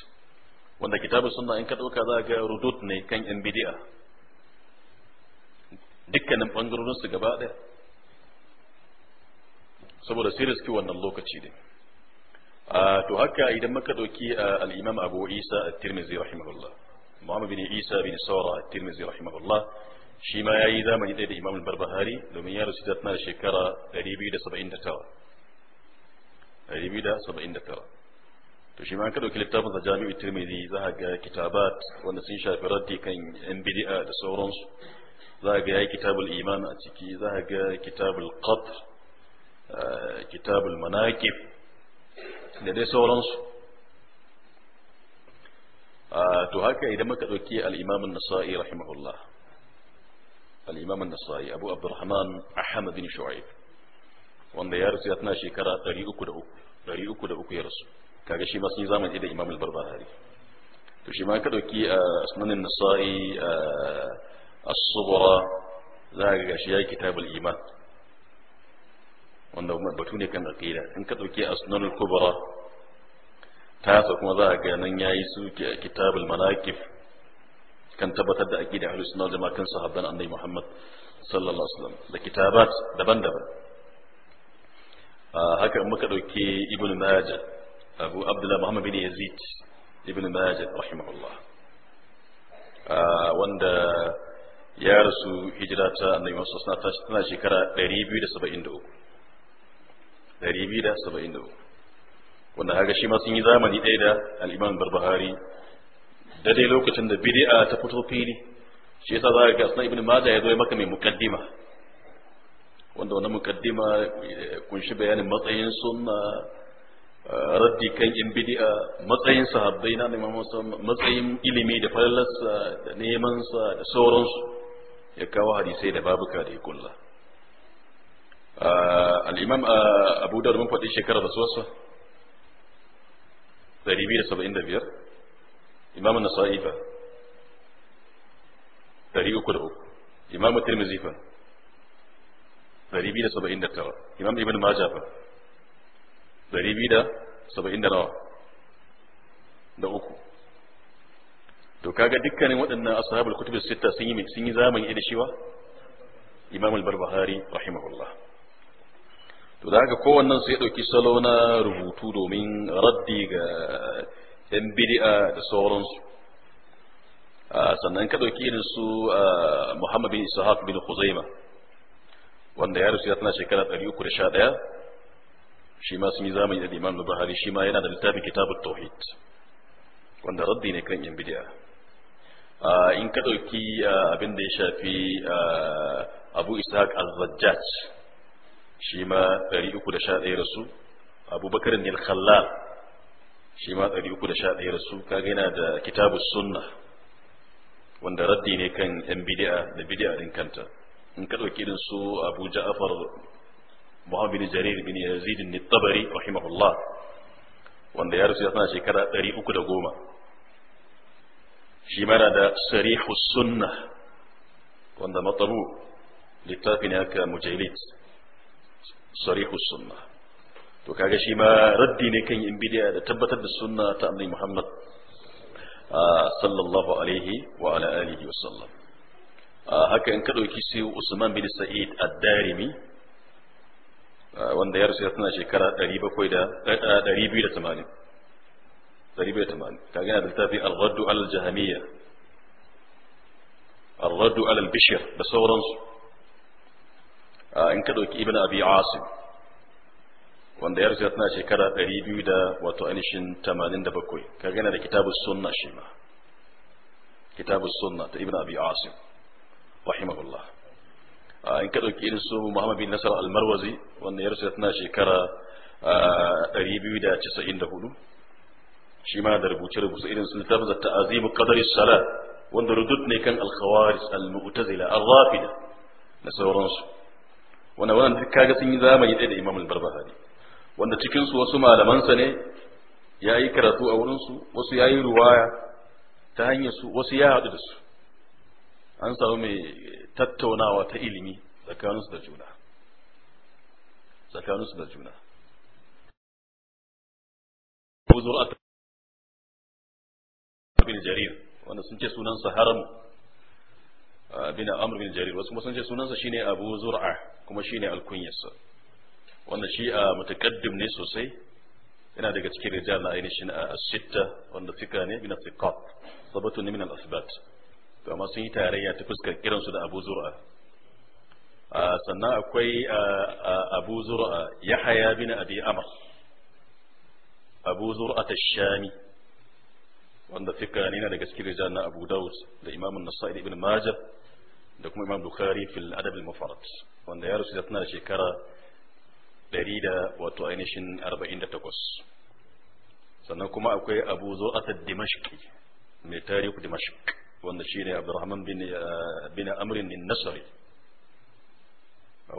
wanda kitabus sunna in ka dauka za ga rudud ne kan yan bid'a dukkanin bangarorin su gaba daya saboda sai riski wannan lokaci ne to haka idan muka dauki al-Imam Abu Isa at-Tirmidhi rahimahullah Muhammad bin Isa bin Saura Tirmizi rahimahullah shi ma yayi zamani dai da Imam al-Barbahari domin ya rasu tana da shekara 279 279 to shi ma an ka dauki littafin sa Jami'u Tirmizi za ga kitabat wanda sun shafi raddi kan yan bid'a da sauransu za ga yayi kitabul iman a ciki za ga kitabul qadr kitabul manaqib da dai sauransu to haka idan muka ɗauki al-imam an-nasa'i rahimahullah al-imam an-nasa'i abu abdurrahman ahmad bin shu'aib wanda ya rasu ya tana shekara 303 303 ya rasu kaga shi ma sun yi zamani imam al-barbahari to shi ma ka ɗauki asnan an-nasa'i as-sughra za ga shi ya kitabul iman wanda batu ne kan aqida in ka ɗauki asnan al-kubra tasa kuma za a ga nan yayi su kitabul manaqib kan tabbatar da aqida ahlus sunnah wal jama'a kan sahabban annabi Muhammad sallallahu alaihi wasallam da kitabat daban-daban haka muka dauke ibnu majah abu abdullah muhammad bin yazid ibnu majah rahimahullah wanda ya rasu hijira ta annabi sallallahu alaihi wasallam tana shekara 273 273 wanda haka shi ma sun yi zamani ɗaya da al'imam barbahari da dai lokacin da bid'a ta fito fili shi yasa za ka ga asna ibn majah ya zo maka mai muqaddima wanda wannan muqaddima kunshi bayanin matsayin sunna raddi kan in bid'a matsayin sahabbai na Imam matsayin ilimi da falalarsa da neman sa da sauransu ya kawo hadisai da babuka da ya kulla al-imam abu dawud mun faɗi shekarar rasuwarsa 275 imam nasa'i fa 303 imam tirmidhi fa 279 imam ibn majah fa 279 da uku to kaga dukkanin waɗannan ashabul kutubus sitta sun yi sun yi zamani da shiwa imam al-barbahari rahimahullah to da ga kowannen sai dauki salo na rubutu domin raddi ga yan bidi'a da sauransu sannan ka dauki irin su muhammad bin ishaq bin khuzaima wanda ya rasu ya tana shekara 311 shi ma sun yi zamani da imam al shi ma yana da littafin kitabut tauhid wanda raddi ne kan yan bidi'a in ka dauki abin da ya shafi abu ishaq al-zajjaj shi ma 311 rasu abubakar ne khallal shi ma 311 rasu kaga yana da kitabu sunna wanda raddi ne kan yan bid'a da bid'a din kanta in ka dauki irin su Abu Ja'far Muhammad bin Jarir bin Yazid bin Tabari rahimahullah wanda ya rasu ya sana shekara 310 shi ma da sarihus sunna wanda matabu littafi ne aka mujailid sarihu sunna to kaga shi ma raddi ne kan yin bidiya da tabbatar da sunna ta annabi Muhammad sallallahu alaihi wa ala alihi wa sallam haka in ka dauki sai Usman bin Sa'id ad-Darimi wanda ya rasu tana shekara 780 280 kaga yana da littafi al-Raddu al-Jahmiyya al-Raddu al-Bishr da sauransu in ka ɗauki ibn abi asim wanda ya rasu tana shekara 200 da wato ainihin 87 ka gana da kitabus sunna shi ma kitabus sunna ta ibn abi asim rahimahullah in ka ɗauki irin su muhammad bin nasar almarwazi wanda ya rasu tana shekara 294 shi ma da rubuce-rubuce irin su littafin da ta'azimu qadari salat wanda rudud ne kan al-khawarij al-mu'tazila ar-rafida da sauransu wanda wannan duk kaga sun yi zamani ɗaya da Imam al-Barbahari wanda cikin su wasu malamansa ne ya yi karatu a wurin su wasu ya yi ruwaya ta hanyar su wasu ya haɗu da su an samu mai tattaunawa ta ilimi tsakaninsu da juna tsakaninsu da juna Abu Zur'a bin Jarir wanda sun ce sunansa Haramu bin amr bin jarir wasu kuma sun ce sunansa shine abu zur'a kuma shine alkunyarsa wanda shi a mutakaddim ne sosai yana daga cikin rijal na ainihin a sitta wanda fika ne bin sikat sabatu ne min al-asbat to amma sun yi tarayya ta fuskar kiransu da abu zur'a sannan akwai abu zur'a yahya bin abi amr abu zur'a ash-shami wanda fika ne yana daga cikin rijal na abu dawud da imam an-nasa'i ibn majah da kuma imam bukhari fil adab al mufarrad wanda ya rusu da tana da shekara 100 wato ainihin 48 sannan kuma akwai abu zu'at ad-dimashqi mai tarihu dimashq wanda shi ne abdurrahman bin bin amr bin nasri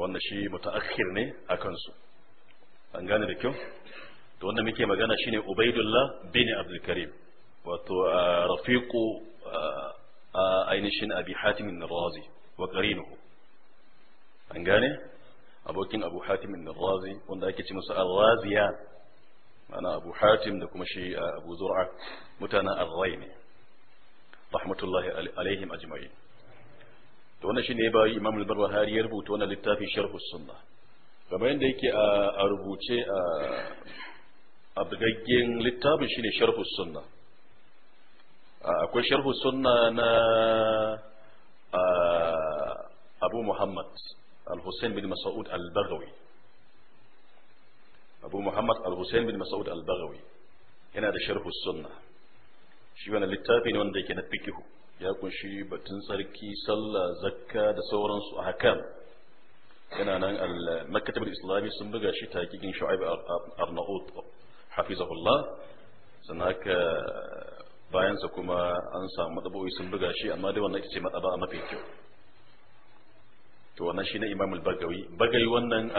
wanda shi mutaakhir ne akan su an gane da kyau to wanda muke magana shine ubaidullah bin abdul karim wato rafiqu ainihin abi hatimin razi wa qarinuhu an gane abokin abu hatimin razi wanda ake ce musu al-raziya ana abu hatim da kuma shi abu zur'a mutanen arrai ne rahmatullahi alaihim ajma'in to wannan shine ya bayi imam al-barbahari ya rubuta wannan littafin sharh sunna kamar yadda yake a rubuce a abgaggen littafin shine sharh sunna akwai sharhu sunna na abu muhammad al-hussein bin mas'ud al-baghawi abu muhammad al-hussein bin mas'ud al-baghawi yana da sharhu sunna shi wani littafi ne wanda yake na fikihu ya kunshi batun tsarki sallah zakka da sauransu a hakan yana nan al-maktabar islami sun buga shi takikin shu'aib arnaud hafizahullah sannan haka bayansa kuma an samu matsabo'i sun buga shi amma dai wannan ita ce matsaba mafi kyau to wannan shine Imam al-Bagawi Bagawi wannan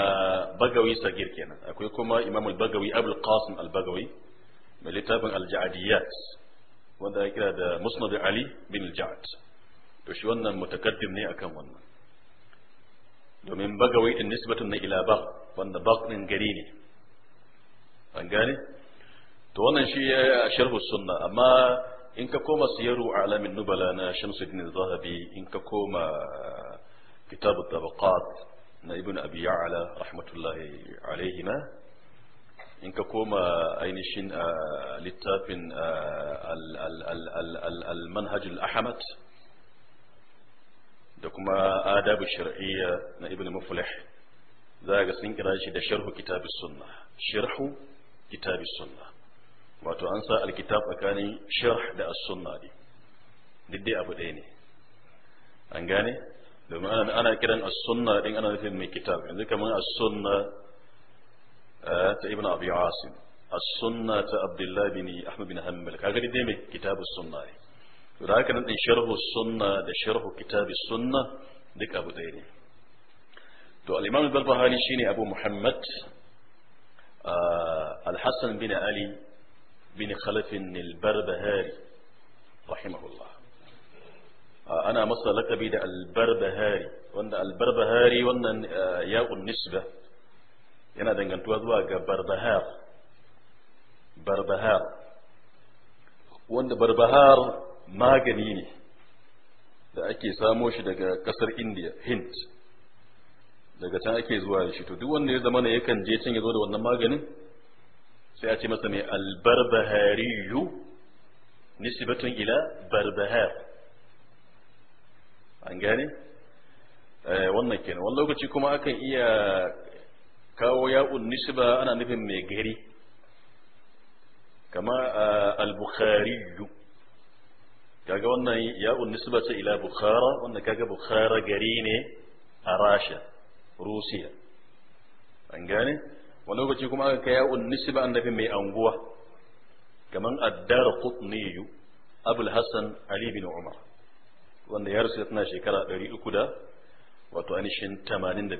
Bagawi sagir kenan akwai kuma Imam al-Bagawi Abul Qasim al-Bagawi mai littafin al-Ja'diyat wanda ya kira da Musnad Ali bin al-Ja'd to shi wannan mutakaddim ne akan wannan domin Bagawi din nisbatun na ila Bagh wanda Bagh din gari ne an gane to wannan shi ya sharhu sunna amma in ka koma siyaru alamin nubala na shamsuddin zahabi in ka koma kitabu tabaqat na ibn abi ya'la rahmatullahi alayhi ma in ka koma ainihin littafin al-manhaj al-ahmad da kuma adab shar'iyya na ibn muflih za ga sun kira shi da sharhu kitabis sunna sharhu kitabis sunna wato an sa alkitab tsakanin sharh da as-sunna ne duk dai abu ɗaya ne an gane domin ana ana kiran as-sunna din ana nufin mai kitab yanzu kamar as-sunna ta ibnu abi asim as-sunna ta abdullah bin ahmad bin hanbal kaga dai mai kitab as-sunna ne to da haka nan din sharhu sunna da sharhu kitab as-sunna duk abu ɗaya ne to al-imam al-barbahari shine abu muhammad al-hasan bin ali بن خلف البربهاري رحمه الله آه، انا مصر لك بيد البربهاري وان البربهاري وان آه، ياء النسبة ينا دنگن توازوا بربهار بربهار وان بربهار ما جنيني دا اكي ساموش دا قصر انديا هند daga can ake zuwa shi to duk wanda ya zama ne yakan je can ya zo da wannan maganin sai a ce masa mai albarbahariyu nisibatun ila barbahar an gane wannan kenan wani lokaci kuma akan iya kawo ya'un nisiba ana nufin mai gari kama albukhariyu kaga wannan ya'un nisiba ta ila bukhara wannan kaga bukhara gari ne a rasha rusiya an gane wani lokaci kuma aka kai ya'un nisba annabi mai anguwa kaman addar qutniyu abul Hassan ali bin umar wanda ya rasu tana shekara uku da wato anishin 85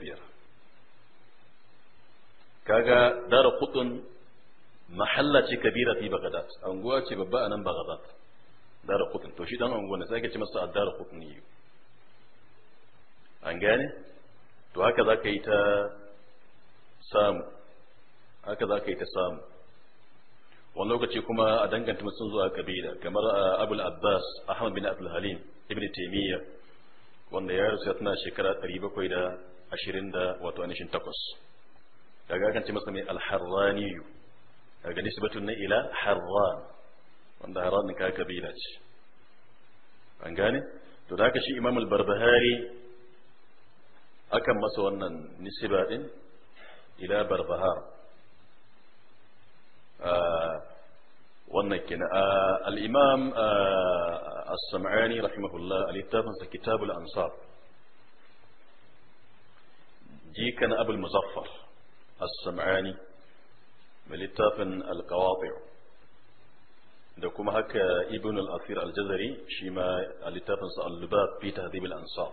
kaga dar qutun mahalla ce kabira fi bagdad anguwa ce babba a nan bagdad dar qutun to shi dan anguwa ne sai ake ce masa addar qutniyu an gane to haka za ka yi ta samu haka za ka yi ta samu wani lokaci kuma a danganta mutum zuwa kabila kamar abul abbas ahmad bin abdul halim ibn taimiyya wanda ya rasu tana shekara 720 da wato anishin takwas daga kan ce mai alharraniyu daga nisbatun na ila harran wanda harran ne ka kabila ce an gane to da haka shi imam al-barbahari akan masa wannan nisba din ila barbahar آه، ونكن آه، الإمام آه، السمعاني رحمه الله الكتاب كتاب الأنصار كان أبو المظفر السمعاني ملتاف القواطع دكما هكا ابن الأثير الجزري شيما ملتاف اللباب في تهذيب الأنصار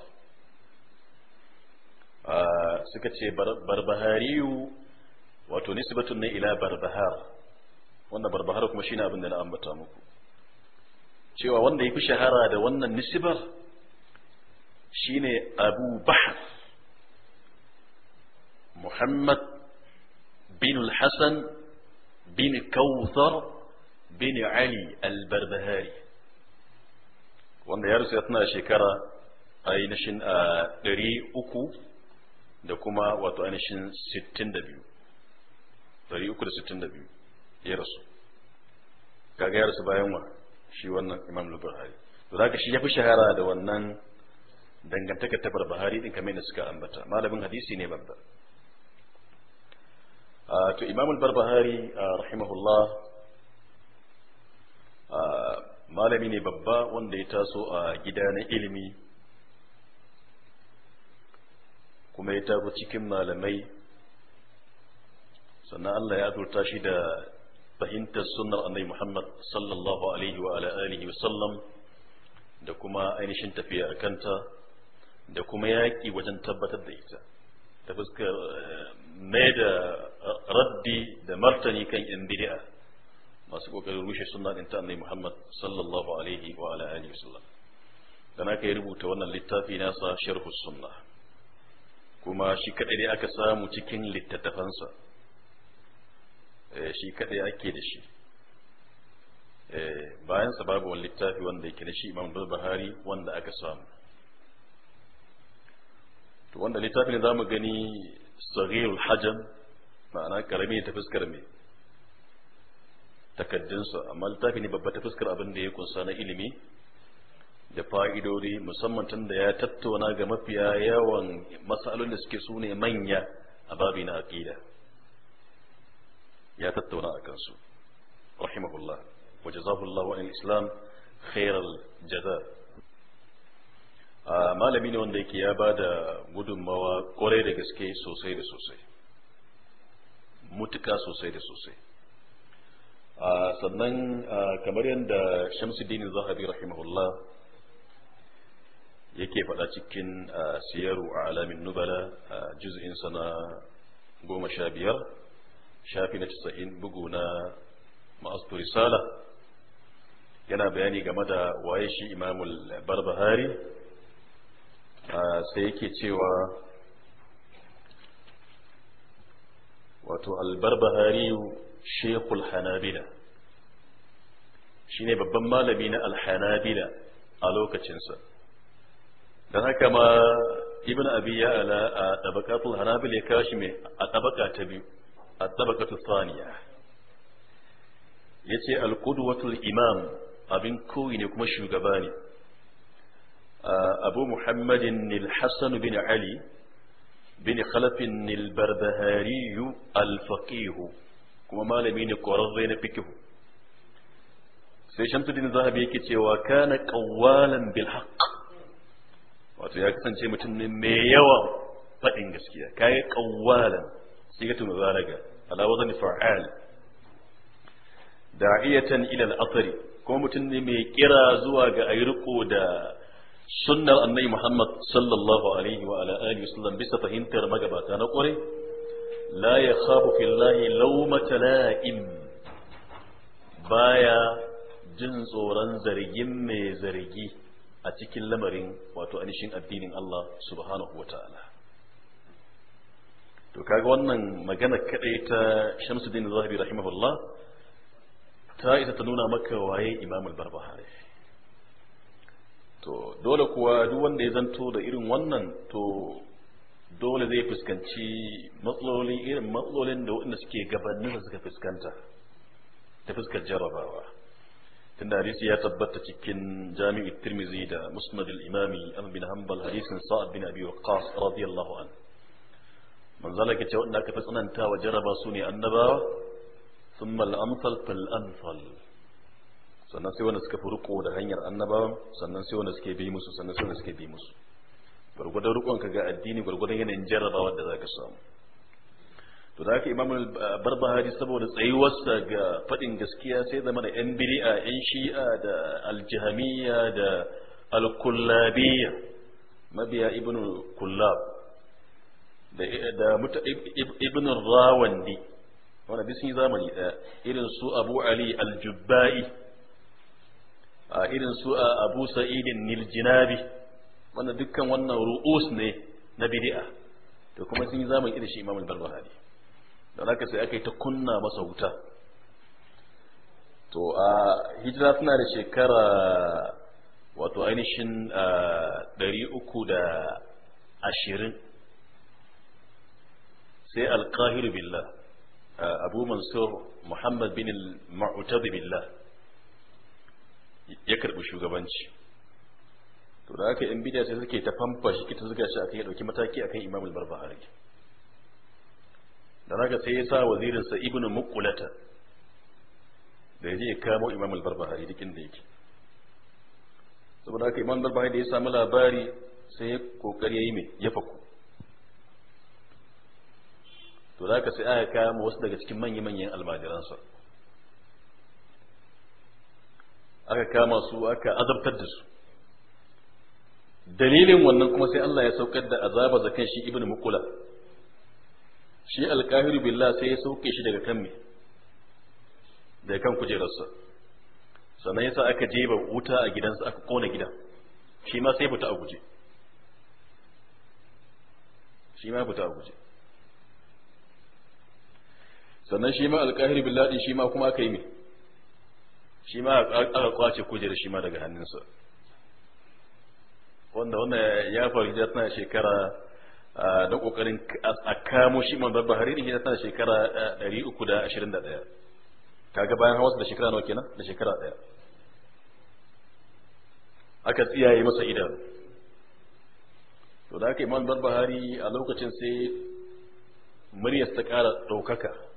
سكتشي بربهاري وتنسبة إلى بربهار wanda barbahar kuma shine abin da na ambata muku cewa wanda ya fi shahara da wannan nisibar shine abu bahar muhammad bin al-hasan bin kauthar bin ali al-barbahari wanda ya rasu tana shekara ainihin a ɗari uku da kuma wato ainihin sittin da biyu ɗari uku da sittin da biyu ya rasu kaga ya rasu bayan wa shi wannan imam al-bukhari to zaka shi ya fi shahara da wannan dangantaka ta barbahari din kamar da suka ambata malamin hadisi ne babba to imam al-barbahari rahimahullah malami ne babba wanda ya taso a gida na ilimi kuma ya taso cikin malamai sannan Allah ya azurta shi da fahimtar sunnar annabi Muhammad sallallahu alaihi wa ala alihi wa sallam da kuma ainihin tafiya a kanta da kuma yaƙi wajen tabbatar da ita ta fuskar eh, mai da raddi da martani kan yan bid'a masu kokarin rushe sunna din ta annabi Muhammad sallallahu alaihi wa ala alihi wa sallam dan aka yi rubuta wannan littafi nasa sharhus sunna kuma shi kadai aka samu cikin littattafansa Eh, shi kadai ake da shi eh, bayan sa babu wani littafi wanda yake da shi imam buhari wanda aka samu to wanda littafi ne mu gani saghirul hajjan ma'ana karami ta fuskar me takaddunsa amma littafi ne babba ta fuskar abin da ya kunsa na ilimi da fa'idodi musamman tun da ya tattauna ga mafiya yawan matsalolin da suke sune manya a babi na aƙida ya tattauna a kansu rahimahullah wa jazahullahu an islam khairal jaza malami ne wanda yake ya ba da gudunmawa kwarai da gaske sosai da sosai mutuka sosai da sosai sannan kamar yadda shamsuddin zahabi rahimahullah yake faɗa cikin siyaru a alamin nubala juz'in sana goma sha biyar shafi na casa'in bugu na ma'astu risala yana bayani game da waye shi imamul barbahari sai yake cewa wato albarbahari shekul hanabila shine babban malami na alhanabila a lokacinsa don haka ma ibn abi ya'ala a tabakatul hanabila ya kashi mai a tabaka ta biyu الطبقة الثانية يتي القدوة الإمام أبن كوين يكما شوغباني آه، أبو محمد الحسن بن علي بن خلف البربهاري الفقيه كما مال مين قرضين بكه سيشمت الدين ذهبي كتي وكان قوالا بالحق وتي أكثر شيء متن ميوا فإن قسكيا كان قوالا سيكتم ذلك ala wazani fa'al da'iyatan ila al kuma mutum ne mai kira zuwa ga ayi riko da sunnar annabi Muhammad sallallahu alaihi wa ala alihi wasallam bisa fahimtar magabata na kore la yakhafu fillahi lawmata la'im baya jin tsoron zargin mai zargi a cikin lamarin wato anishin addinin Allah subhanahu wa ta'ala to kaga wannan magana kadai ta shamsuddin zahabi rahimahullah ta isa ta nuna maka waye imam al-barbahari to dole kuwa duk wanda ya zanto da irin wannan to dole zai fuskanci matsaloli irin matsalolin da waɗanda suke gabanin da suka fuskanta ta fuskar jarabawa tunda hadisi ya tabbata cikin jami'in tirmizi da musnad al-imami an bin hanbal hadisin sa'ad bin abi waqqas radiyallahu anhu manzala ke ce inda aka fi tsananta wa jarraba su ne annabawa sun mal'amsal fal amsal sannan sai wanda suka fi riko da hanyar annabawan sannan sai wanda suke bi musu sannan sai wanda suke bi musu gwargwadon rikon ka ga addini gwargwadon yanayin jarrabawa da za ka samu to da haka imamul barbahari saboda tsayuwarsa ga faɗin gaskiya sai zama da yan bid'a yan shi'a da aljihamiyya da alkullabiyya mabiya ibnu kullab da ibn rawandi wanda duk sun yi zamani ɗaya irin su abu ali aljubba'i irin su abu sa'idin niljinabi wanda dukkan wannan ru'us ne na bid'a to kuma sun yi zamani irin shi imamul barbahari don haka sai aka yi ta kunna masa wuta to a hijira tana da shekara wato ainihin ɗari uku da ashirin sai alqahir billah eh, abu mansur muhammad bin al-mu'tad billah ya karbi shugabanci to da haka yan bidiya sai suke ta famfa shi ta zuga shi a ya dauki mataki akan imam al-barbahari da haka sai ya sa wazirin sa ibnu muqulata da yaje ya kamo imam al-barbahari dikin da yake saboda haka imam al-barbahari da ya samu labari sai ya kokari yayi me ya faku to za ka sai aka kama wasu daga cikin manya-manyan almajiransa aka kama su aka azabtar da su dalilin wannan kuma sai Allah ya saukar da azaba zakan shi ibn mukula shi alkahiru billah sai ya sauke shi daga kan me daga kan kujerarsa sannan yasa aka jeba wuta a gidansa aka kona gida. shi ma sai fita a guje shi ma fita a guje sannan shi ma bin billahi shi ma kuma aka yi mai shi ma aka kwace kujerar shi ma daga hannunsa wanda wannan ya faru da tana shekara da ƙoƙarin a kamo shi man babba harini ne tana shekara 321 kaga bayan hawas da shekara nawa kenan da shekara ɗaya. aka tsiyaye masa idan. to da aka yi imam babba hari a lokacin sai muryar ta ƙara ɗaukaka.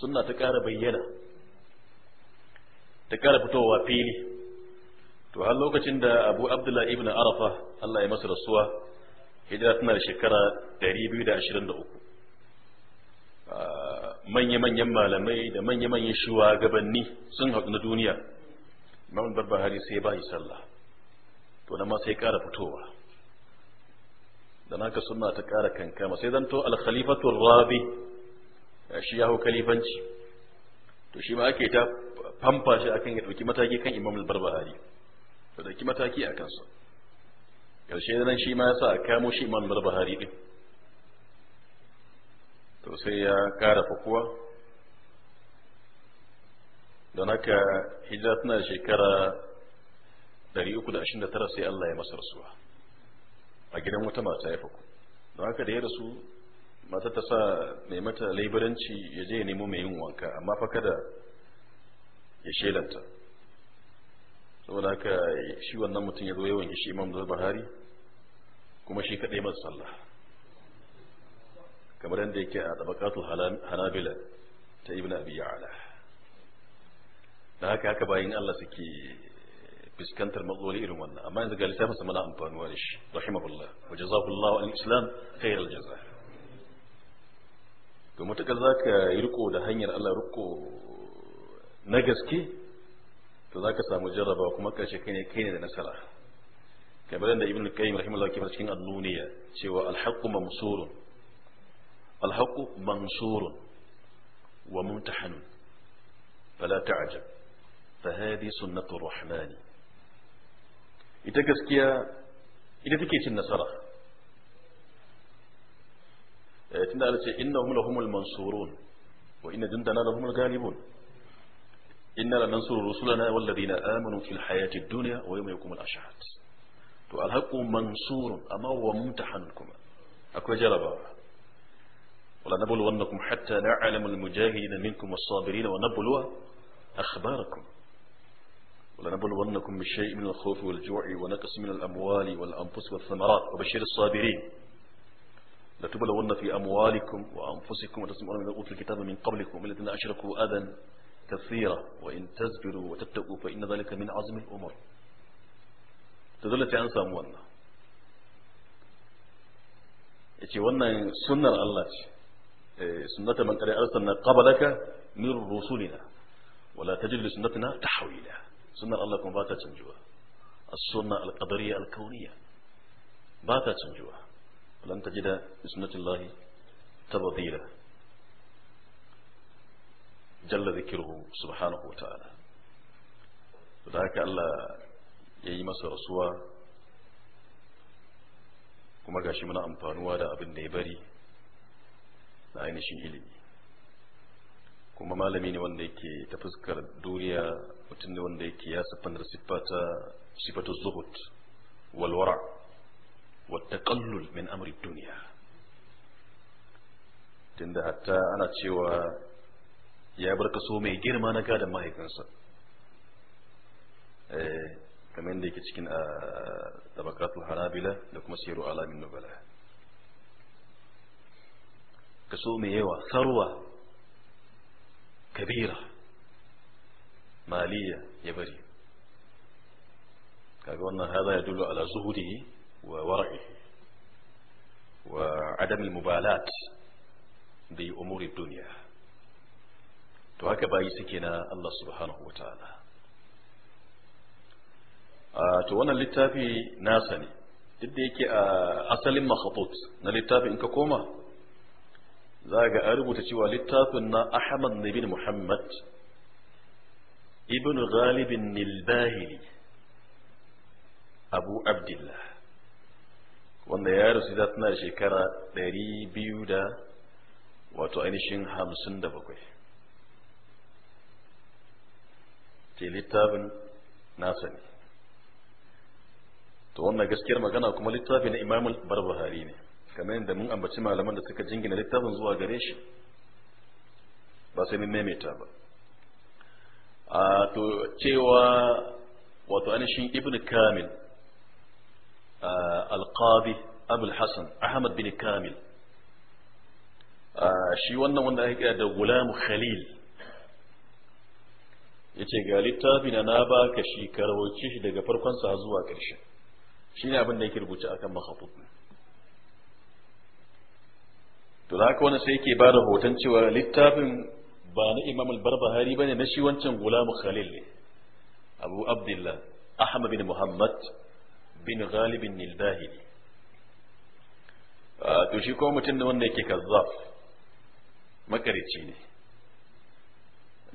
sunna ta ƙara bayyana ta ƙara fitowa fili to har lokacin da abu abdullah ibn arafa allah ya masa rasuwa hijira tana da shekara 223 ah, manya-manyan malamai da manya-manyan shugabanni sun haɗu na duniya imam hari sai ba sallah to na ma sai ƙara fitowa da naka suna ta ƙara kankama sai zanto al-khalifatu rabi shi ya hau kalifanci to shi ma ake ta famfa shi akan ya ɗauki mataki kan imam al-barbahari ya ɗauki mataki a kansa ƙarshe nan shi ma ya sa a kamo shi imam al-barbahari ɗin to sai ya ƙara fakuwa don haka hijira tana da shekara 329 sai Allah ya masa rasuwa a gidan wata mata ya faku don haka da ya rasu mata ta sa mai mata laibaranci ya je ya nemo mai yin wanka amma fa kada ya shelanta saboda haka shi wannan mutum ya zo yawan shi imam da bahari kuma shi kaɗai masa sallah kamar yadda yake a tabakatul hanabila ta ibn abi ya'ala da haka haka bayan Allah suke fuskantar matsaloli irin wannan amma yanzu ga lissafin sa mana amfanuwa da shi rahimahullah wa jazakumullahu al-islam khairal jazaa to matuƙar za ka yi riko da hanyar Allah riko na gaske to za ka samu jarraba kuma ƙarshe kai ne kai ne da nasara kamar da ibn qayyim rahimahullah ke cikin annuniya cewa alhaqqu mamsurun alhaqqu mansurun wa mumtahanun fala ta'jab fa hadi sunnatu rahmani ita gaskiya ita take cin nasara tunda Allah ce innahum lahumul mansurun wa inna jundana lahumul ghalibun inna lanansuru rusulana wal ladina amanu fil hayati dunya wa yawma yaqumul ashhad to alhaqu mansurun amma huwa mumtahan kuma akwai jarabawa wala nabluwannakum hatta na'lamul mujahidin minkum was-sabirin wa nabluwa akhbarakum ولنبلونكم بشيء من الخوف والجوع ونقص من الأموال والأنفس والثمرات وبشر الصابرين لتبلغن في أموالكم وأنفسكم وتسمعون من أوتوا الكتاب من قبلكم الذين أشركوا أذى كثيرا وإن تزبروا وتتقوا فإن ذلك من عزم الأمور تدلت عن سامونا يتي ونا سنة الله إيه، سنة من قد أرسلنا قبلك من رسولنا ولا تجد لسنتنا تحويلا سنة الله كم باتا تنجوها السنة القدرية الكونية باتا تنجوها lan tajida bi sunnatillahi tabdila jalla dhikruhu subhanahu wataala to da haka Allah ya yi masa rasuwa kuma gashi muna amfanuwa da abin da ya bari na ainihin ilimi kuma malami ne wanda yake ta fuskar duniya mutum ne wanda yake ya siffar siffata sifatu zuhud walwara والتقلل من أمر الدنيا tunda hatta ana cewa ya bar kaso mai girma na gadon mahaifinsa kamar da yake cikin a tabakatul harabila da kuma siru alamin nubala kaso mai yawa sarwa kabira maliya ya bari kaga wannan hada ya dulu ala zuhurihi وورعه وعدم المبالاة في أمور الدنيا وهكذا يسكن الله سبحانه وتعالى آه، توانا للتابي ناسني تديك آه، أصل مخطوط للتابي إنك كوما ذاك أربو تتوى للتابي نا أحمد بن محمد ابن غالب الباهلي أبو عبد الله wanda ya rasu da tana da shekara ɗari biyu da wato ainihin hamsin da bakwai ce littafin nasa ne to wannan gaskiyar magana kuma littafi na imamul barbahari ne kamar yadda mun ambaci malaman da suka jingina littafin zuwa gare shi ba sai mun maimaita ba a to cewa wato ainihin ibn kamil القاضي أبو الحسن أحمد بن كامل shi wannan wanda ake kira da gulamu khalil ya ce ga littafi na na baka shi karwace shi daga farkonsa zuwa ƙarshe shi ne abin da yake rubuce akan mahafu to da haka sai yake ba da hoton cewa littafin ba na imam al-barbahari ba ne na shi wancan gulamu khalil ne abu abdullah ahmad bin muhammad bin bin nildahili Ah, to shi ko mutum da wanda yake kazzaf makarici ne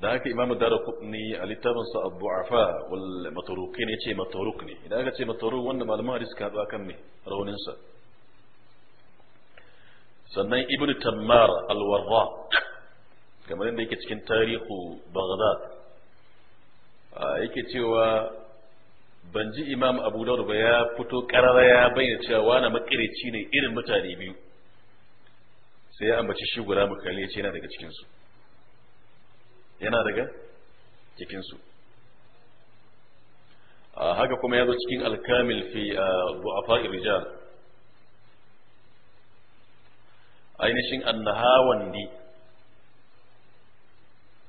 da haka imamu dara kudni a littafinsa abu afa wal mataruki ne ce mataruk ne idan aka ce mataruk wanda malaman hadis ka haɗu kan ne rauninsa sannan ibnu tammar alwarra kamar yadda yake cikin tarihu baghdad ah, yake cewa ban ji imam abu daud ba ya fito karara ya bayyana cewa wani makirici ne irin mutane biyu sai ya ambaci shi guda mukali ya ce yana daga cikinsu yana daga cikinsu haka kuma ya zo cikin alkamil fi du'afa rijal ainihin wandi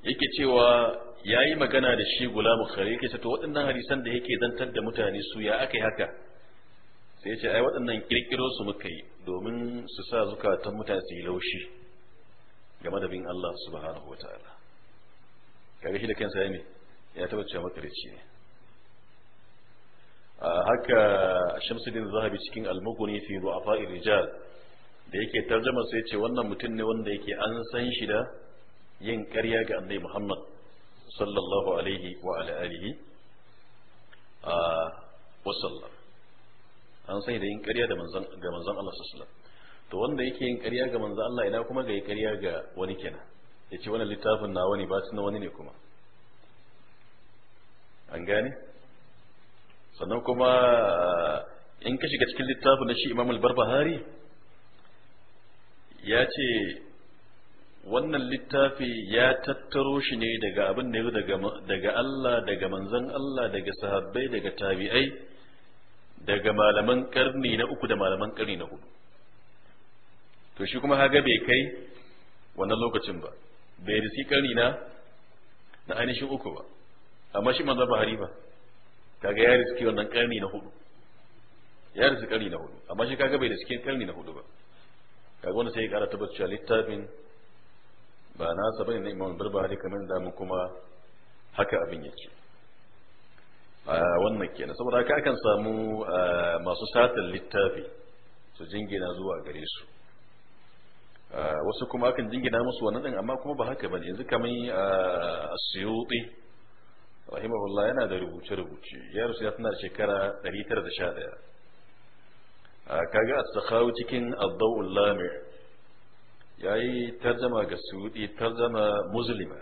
yake cewa ya yi magana da shi gulamu khari yake to waɗannan hadisan da yake zantar da mutane su ya aka yi haka sai ya ce ai waɗannan kirkiro su muka yi domin su sa zukatan mutane su yi laushi game da bin Allah subhanahu wa ta'ala kaga shi da kansa ya ne ya taba cewa makarici ne A haka shamsuddin zahabi cikin almuguni fi du'afa rijal da yake tarjama sai ce wannan mutum ne wanda yake an san shi da yin ƙarya ga annabi Muhammad sallallahu alaihi wa ala ah, wa sallam an sai da yin ƙarya ga manzon Allah sallallahu to wanda yake yin ƙarya ga manzon Allah ina kuma ga yi ƙarya ga wani kenan yace wannan littafin na wani ba na wani ne kuma an gane sannan kuma in ka shiga cikin littafin na shi Imam Albarbahari ya ce wannan littafi ya tattaro shi ne daga abin da daga Allah daga manzon Allah daga sahabbai daga tabi'ai daga malaman karni na uku da malaman karni na hudu to shi kuma haga bai kai wannan lokacin ba bai risi karni na na ainihin uku ba amma shi manzon Buhari ba kaga ya riski wannan karni na hudu ya riski karni na hudu amma shi kaga bai riski karni na hudu ba kaga wanda sai ya kara tabbata littafin ba na sa bane na imam barbahari kamar da mu kuma haka abin yake wannan kenan saboda haka akan samu masu satan littafi su jingina zuwa gare su wasu kuma akan jingina musu wannan din amma kuma ba haka bane yanzu kamar asyuti rahimahullah yana da rubuce-rubuce ya rasu ya tana shekara 911 kaga a sakhawi cikin ad-dawul lami' ya yi tarjama ga suɗi tarzama muslima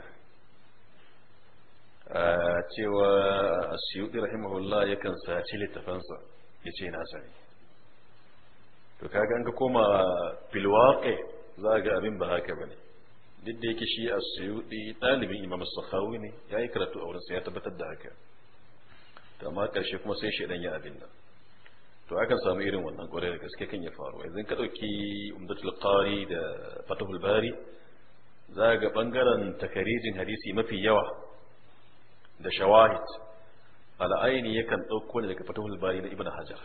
a ah, cewa suyuɗi rahimahullah yakan saci littafansa ya ce na sani to kaga an ka koma filwaƙe za ga abin ba haka ba ne duk da yake shi a suɗi ɗalibin imam sahawi ne ya yi karatu a wurinsa ya tabbatar da haka to amma ƙarshe kuma sai shaidan ya abin nan to akan samu irin wannan kwarai da gaske kan ya faru yanzu ka ɗauki umdatul qari da fatahul bari za ga bangaren takarijin hadisi mafi yawa da shawahid al'aini yakan ɗauko ne daga fatahul bari na ibn hajar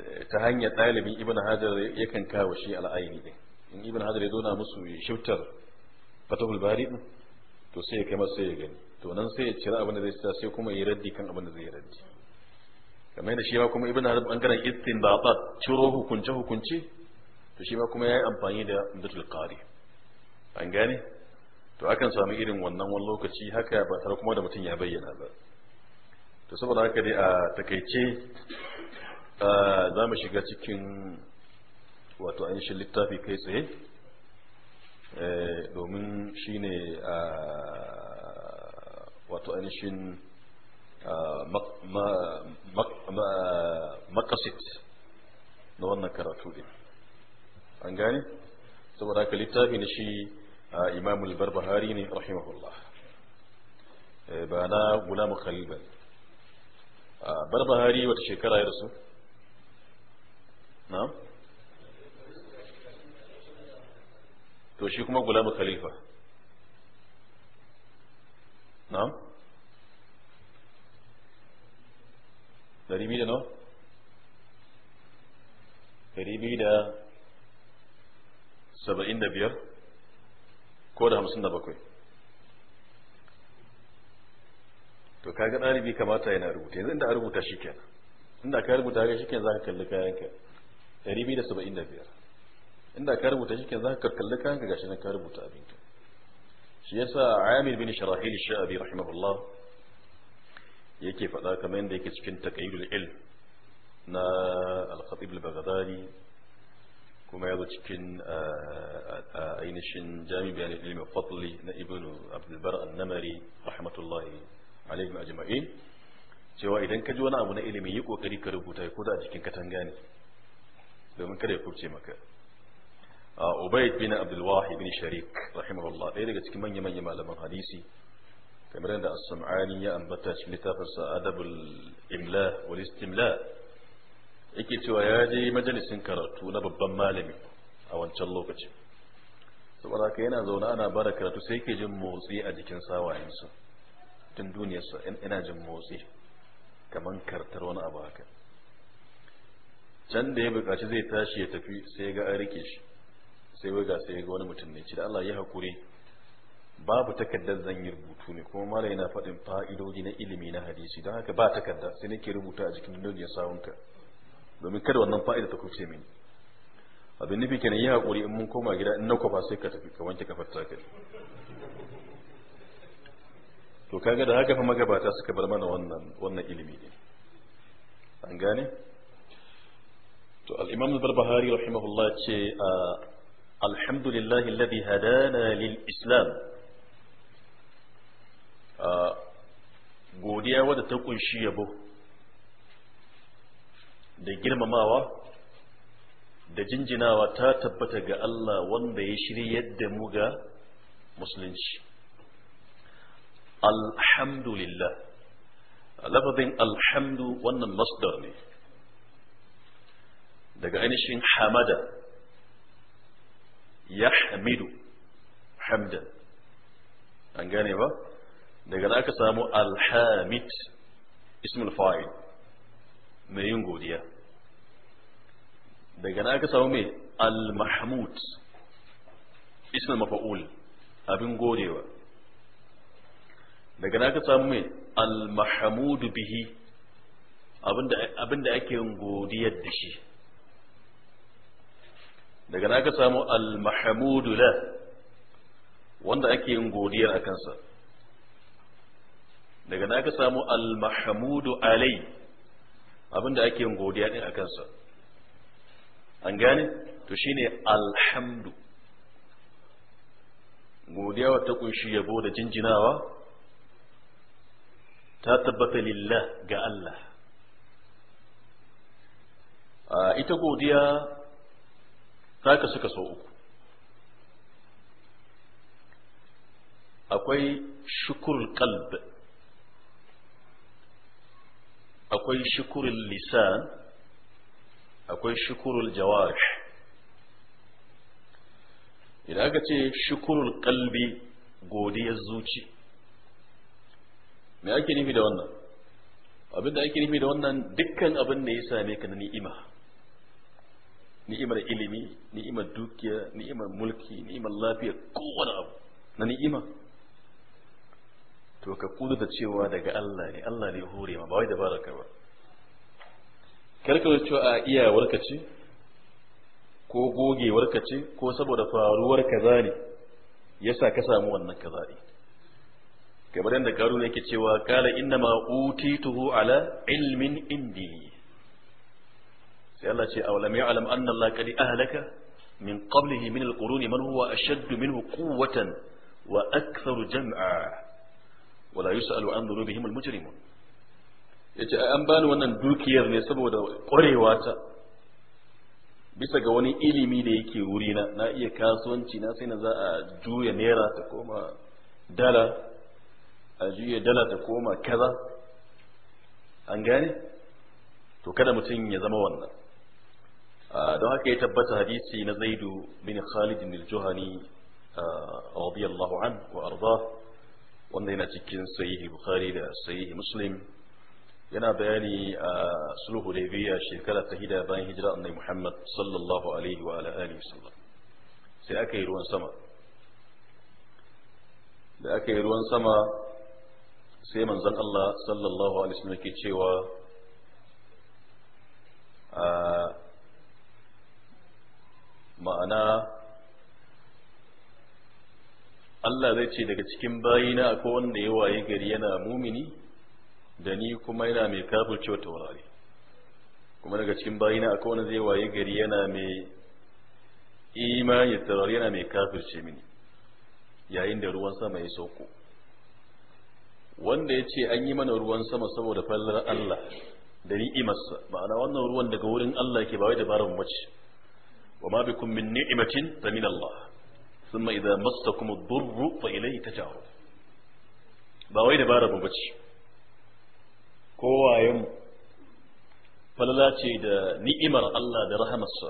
eh, ta hanyar ɗalibin ibn hajar yakan kawo shi al'aini ɗin in ibn hajar ya zona musu shiftar fatahul bari ɗin to sai ya kai masa ya gani to nan sai ya cira abin da zai sai kuma ya raddi kan abin da zai raddi kamar yadda shi ma kuma ibn harb bangaren istinbatat ciro hukunce hukunce to shi ma kuma yayi amfani da umdatul qari an gane to akan samu irin wannan wani lokaci haka ba tare kuma da mutum ya bayyana ba to saboda haka dai a takaice za mu shiga cikin wato an shi littafi kai tsaye eh, domin shine wato ainihin makasit na wannan karatu din an gane saboda haka littafi na shi imam barbahari ne rahimahullah ba na gulam khalil ba barbahari wata shekara ya rasu na to shi kuma gulam khalifa na dari biyu da nawa dari biyu da saba'in da biyar ko da hamsin da bakwai to kaga ɗalibi kamata yana rubuta yanzu inda a rubuta shi kenan inda ka rubuta ga shi kenan za ka kalli kayanka dari biyu da saba'in da biyar inda ka rubuta shi kenan za ka kalli kayanka gashi nan ka rubuta abinka shi yasa amir bin sharahil sha'abi rahimahullah yake faɗa kamar yadda yake cikin taqayyidul ilm na al-khatib al-baghdadi kuma ya cikin ainihin jami bayan ilmi fadli na ibn abdulbar namari rahmatullahi alaihim ajma'in cewa idan ka ji wani abu na ilimi yi kokari ka rubuta ko da a cikin katanga ne domin kada ya kubce maka ubayd bin abdul wahid bin sharik rahimahullah ɗaya daga cikin manya manya malaman hadisi kamar yadda as-sam'ani ya ambata cikin littafinsa adabul imla wal istimla yake cewa ya je majalisin karatu na babban malami a wancan lokacin saboda haka yana zaune ana bada karatu sai yake jin motsi a jikin sawayensa tun duniyarsa ina jin motsi kamar kartar wani abu haka can da ya bukaci zai tashi ya tafi sai ga an rike shi sai ga sai ga wani mutum ne ci da Allah ya haƙuri babu takardar zan yi rubutu ne kuma mala yana faɗin fa'idoji na ilimi na hadisi don haka ba takarda sai nake rubuta a jikin dindon ya sawunka domin kada wannan fa'ida ta kuce mini abin nufi kenan yi haƙuri in mun koma gida in na kwafa sai ka tafi ka wanke kafar takar to kaga da haka fa magabata suka bar mana wannan wannan ilimi ne an gane to al-imam al-barbahari rahimahullah ce ah, alhamdulillahi alladhi hadana lil islam Uh, godiya wadda ta kunshi yabo da girmamawa da jinjinawa ta tabbata ga Allah wanda ya shirya yadda mu ga musulunci alhamdulillah lafazin alhamdu wannan masdar ne daga ainihin hamada ya hamidu hamdan an gane ba daga za aka samu alhamid ismul fa'il mai yin godiya daga na aka samu mai al-mahmud ismul mafa'ul abin godewa daga na aka samu mai al-mahmud bihi abinda ake yin godiyar da shi daga na aka samu al-mahmud la wanda ake yin godiyar a kansa daga na ka samu al-mahmudu alai abinda ake yin godiya din a kansa an gane to shine alhamdu godiya wata kunshi yabo da jinjinawa ta tabbata lillah ga Allah ita godiya ta ka suka so uku akwai shukur kalbi akwai shukurin lisan akwai shukurin jawash idan aka ce shukurin kalbi godiyar zuci me ake nufi da wannan abin da ake nufi da wannan dukkan abin da ya same ka na ni'ima ni'imar ilimi ni'imar dukiya ni'imar mulki ni'imar lafiya kowane abu na ni'ima to ka kudu da cewa daga Allah ne Allah ne hore ma ba wai dabarar ka ba karka cewa a iyawar ce ko gogewar ce ko saboda faruwar kaza ne yasa ka samu wannan kaza ne kamar yadda karu ne yake cewa kala inna ma utituhu ala ilmin indi sai Allah ce aw lam ya'lam anna Allah qad ahlaka min qablihi min al-quruni man huwa ashaddu minhu quwwatan wa aktharu jam'a wala yus'alu an dhunubihim al-mujrimun yace an bani wannan dukiyar ne saboda ƙwarewa ta bisa ga wani ilimi da yake wurina na iya kasuwanci na sai na za a juya naira ta koma dala a juya dala ta koma kaza an gane to kada mutum ya zama wannan don haka ya tabbata hadisi na zaidu bin khalid bin juhani radiyallahu an wa arda wanda yana cikin sahihi bukhari da sahihi muslim yana bayani a sulhu hudaybiya shekara ta hida bayan hijira annabi muhammad sallallahu alaihi wa ala alihi sallam sai aka yi ruwan sama da aka yi ruwan sama sai manzon Allah sallallahu alaihi wasallam ke cewa ma'ana Allah zai ce daga cikin bayina akwai wanda ya waye gari yana mumini da ni kuma yana mai kafirce taurari kuma daga cikin bayina akwai wanda zai waye gari yana mai imani taurari yana mai kafirce mini yayin da ruwan sama ya sauko wanda ya ce an yi mana ruwan sama saboda fallar Allah da ni'imarsa ma'ana wannan ruwan daga wurin Allah ke ba wai dabarar mace wa ma bikum min ni'imatin ta min Allah thumma idza massakum ad-durru fa ilayhi ba wai dabara ba bace kowayen falala ce da ni'imar Allah da rahamarsa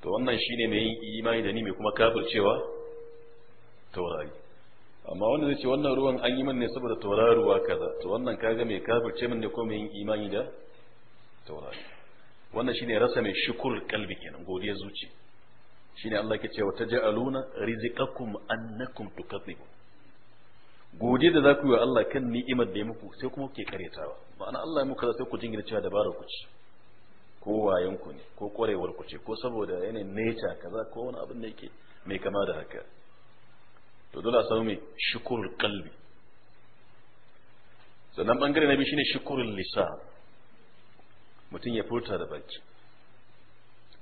to wannan shine mai yin imani da ni mai kuma kafircewa taurari amma wanda zai ce wannan ruwan an yi min ne saboda tauraruwa kaza to wannan kaga mai kafirce min ne ko mai yin imani da taurari wannan shine rasa mai shukul kalbi kenan godiya zuci shine Allah ke cewa taj'aluna rizqakum annakum tukadzibun gode da zaku yi wa Allah kan ni'imar da ya muku sai kuma kuke karyatawa ma'ana Allah ya muku sai ku jingina cewa dabarar ku ce ko wayan ku ne ko kwarewar ku ce ko saboda yanayin nature kaza ko wani abin da yake mai kama da haka to dole a samu mai shukurul qalbi sannan bangare na biyu shine shukurul lisa. mutum ya furta da baki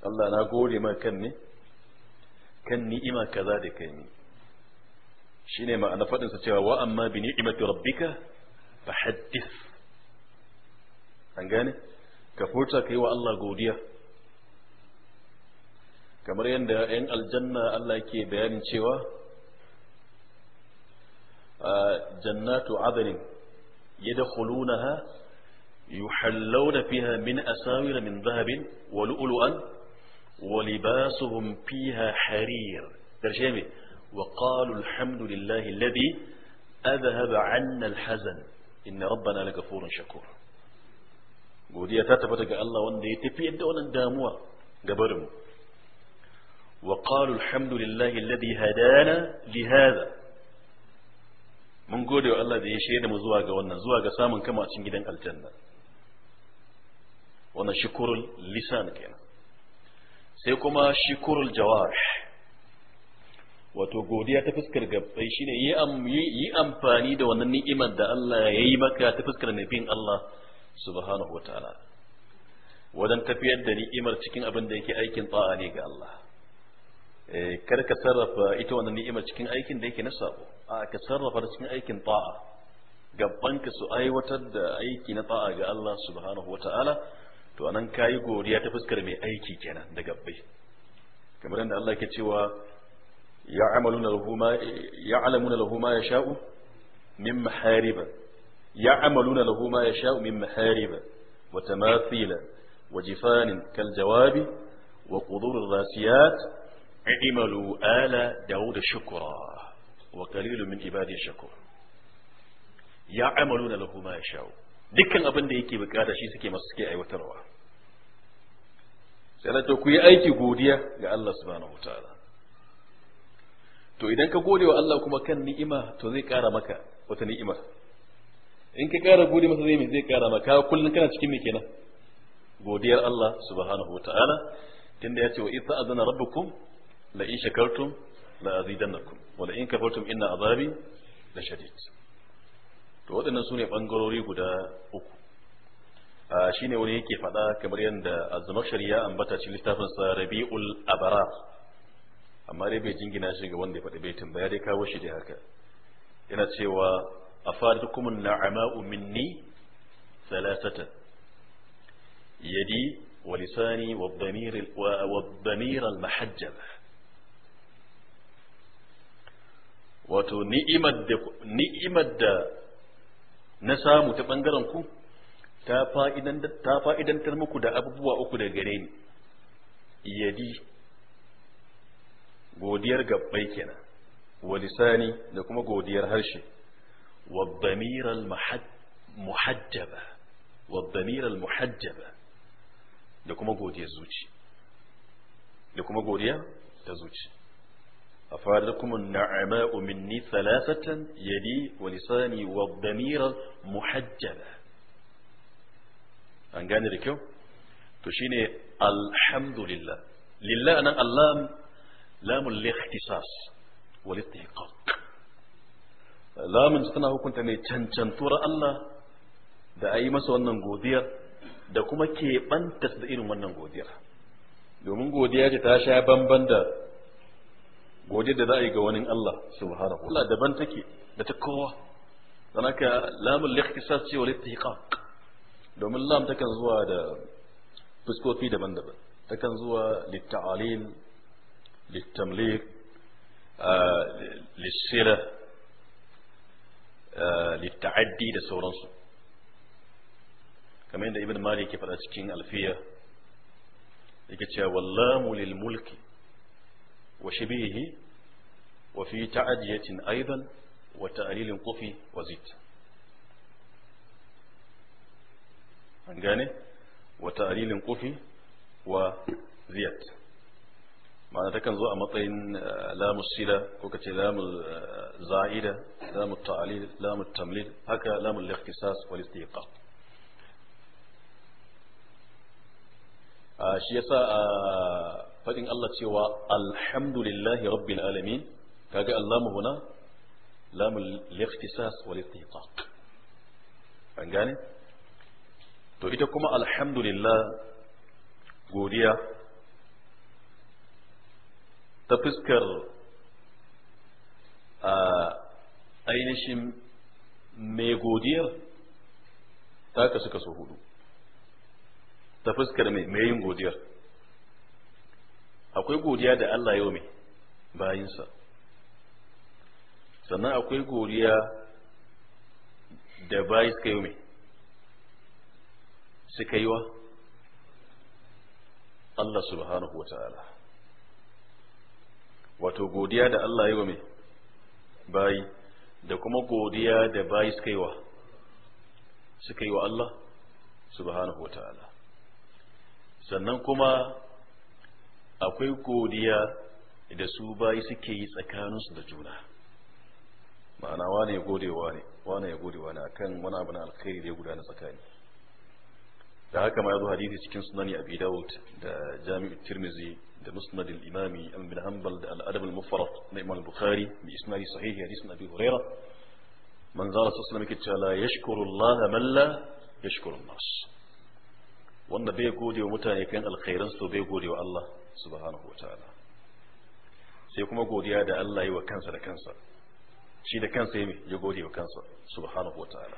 Allah na gode ma kan ne kan ni'ima kaza da kai shine ma'ana fadin sa cewa wa amma bi ni'imati rabbika fa haddith an gane ka furta kai wa Allah godiya kamar yadda 'yan aljanna Allah ke bayanin cewa jannatu adalin yadkhulunaha yuhallawna fiha min asawira min zahabin wa lu'lu'an ولباسهم فيها حرير ترجمة وقالوا الحمد لله الذي أذهب عنا الحزن إن ربنا لغفور شكور ودي تاتبت الله وان دي تفيد وان داموا وقالوا الحمد لله الذي هدانا لهذا من قول الله دي شيء دم زواج وان زواج سامن كما تشنجدن الجنة وان شكور لسانك يعني. sai kuma shikurul jawash wato godiya ta fuskar gabbai shine yi amfani da wannan ni'imar da Allah ya yi maka ta fuskar nabin Allah subhanahu ta'ala. wajen tafiyar da ni'imar cikin abin da yake aikin tsa'a ne ga Allah eh, kar ka sarrafa ita wannan ni'imar cikin aikin da yake na sabo a ka sarrafa cikin aikin tsa'a gabban ka su aiwatar da aiki na tsa'a ga Allah subhanahu ta'ala. to anan kai godiya ta fuskar mai aiki kenan da gabbai kamar yadda Allah yake cewa ya'maluna lahu ya'lamuna lahu yasha'u min mahariba ya'maluna lahu yasha'u min mahariba wa tamathila wa jifanin kal jawabi wa qudur rasiyat i'malu ala daud shukra wa qalilun min ibadi shakur ya'maluna lahu yasha'u dukkan abin da yake bukata shi suke masu suke aiwatarwa sai na ku yi aiki godiya ga Allah subhanahu wataala to idan ka gode wa Allah kuma kan ni'ima to zai kara maka wata ni'imar in ka kara gode masa zai zai kara maka kullun kana cikin me kenan godiyar Allah subhanahu wataala tunda ya ce wa idza azana rabbukum la in shakartum la azidannakum wa la in kafartum inna azabi la shadid to waɗannan su ne ɓangarori guda uku shi ne wani yake faɗa kamar yadda azumar ya ambata cikin littafin sa rabi'ul abara amma dai bai jingina shi ga wanda ya faɗi baitin ba ya dai kawo shi dai haka yana cewa a fara kumin na'ama'u minni salasata yadi wa lisani wa damir al-mahajjab wato ni'imar da na samu ta bangaren ku ta fa'idantar muku da abubuwa uku da gare ni yadi godiyar gabbai kenan wa lisani da kuma godiyar harshe wa damiral muhajjaba wa damiral muhajjaba da kuma godiyar zuci da kuma godiyar ta zuci أفادكم النعماء مني ثلاثة يدي ولساني والضمير محجبة أن قال لك تشيني الحمد لله لله أنا اللام لام الاختصاص والاستحقاق lamun tana hukunta mai cancantuwar Allah da a yi masa wannan godiyar da kuma keɓanta da irin wannan godiyar domin godiyar ce ta sha bamban da goje da za a yi ga wani Allah subhanahu wa ta'ala daban take da ta kowa dan haka lamul likhtisas ce wal istihqaq domin lam takan zuwa da fuskofi daban-daban takan zuwa litta'alil littamlik lissila litta'addi da sauransu kamar yadda ibn malik ya faɗa cikin alfiya yake cewa wallamu lil وشبيه وفي تعدية أيضا وتأليل قفي وزيت أنجاني وتأليل قفي وزيت ما كان زوء مطين آه، لام السيلة وكتي لام الزائدة آه، لام التعليل لام التمليل هكا لام الاختصاص والاستيقاظ آه شيء آه فإن الله تيوى الحمد لله رب العالمين كاقى اللام هنا لام الاختصاص والاستحقاق فإن تريدكم الحمد لله قوليا تفسكر آه، أين شم مي قودير تاكسك سهولو تفسكر مي مي قودير akwai godiya da Allah yau mai bayinsa sannan akwai godiya da bayi suka yau mai suka yi wa Allah subhanahu wa ta'ala wato godiya da Allah yau mai bayi da kuma godiya da bayi suka yi wa suka yi wa Allah subhanahu wa ta'ala sannan kuma akwai godiya da su bayi suke yi tsakaninsu da juna ma'ana wane ya godewa ne wane ya godewa ne akan wani abu na alkhairi da ya gudana tsakani da haka ma yazo hadisi cikin sunani abi daud da jami'u tirmizi da musnad al-imami ibn hanbal da al-adab al-mufrad na imam bukhari bi isnadi sahih hadisin abi hurairah man zara sallallahu alaihi wasallam la yashkuru allah man la yashkuru nas wanda bai gode mutane kan alkhairan su bai gode allah subhanahu wataala sai kuma godiya da Allah yi wa kansa da kansa shi da kansa yi ya gode wa kansa subhanahu wataala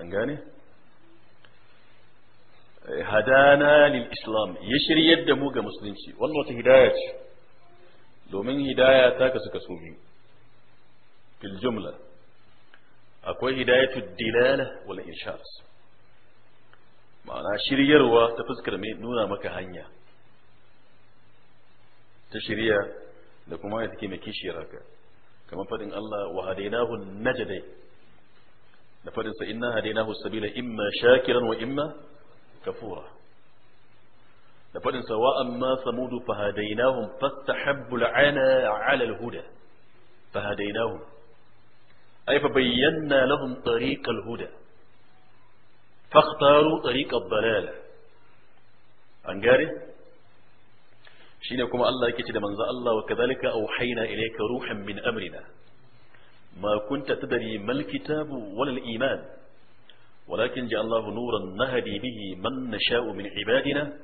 an gane eh, hadana lil islam ya shiryar da mu ga musulunci wannan wata hidaya ce domin hidaya ta kasu kaso biyu fil jumla akwai hidayatu dilala wal irshad ma'ana shiryarwa ta fuskar mai nuna maka hanya ta shirya da kuma ya take mai kishiyar ka kamar fadin Allah wa hadainahu najdai da fadin sa inna hadainahu sabila imma shakiran wa imma kafura da fadin sa wa amma samudu fa hadainahum fastahabbu al'ana 'ala al-huda fa hadainahum ay fa bayyana lahum tariqal huda فاختاروا طريق الضلال عن جاري shine الله Allah yake الله وكذلك أوحينا إليك روحا من أمرنا ما كنت تدري ما الكتاب ولا الإيمان ولكن kitabu الله نورا نهدي به من نشاء من عبادنا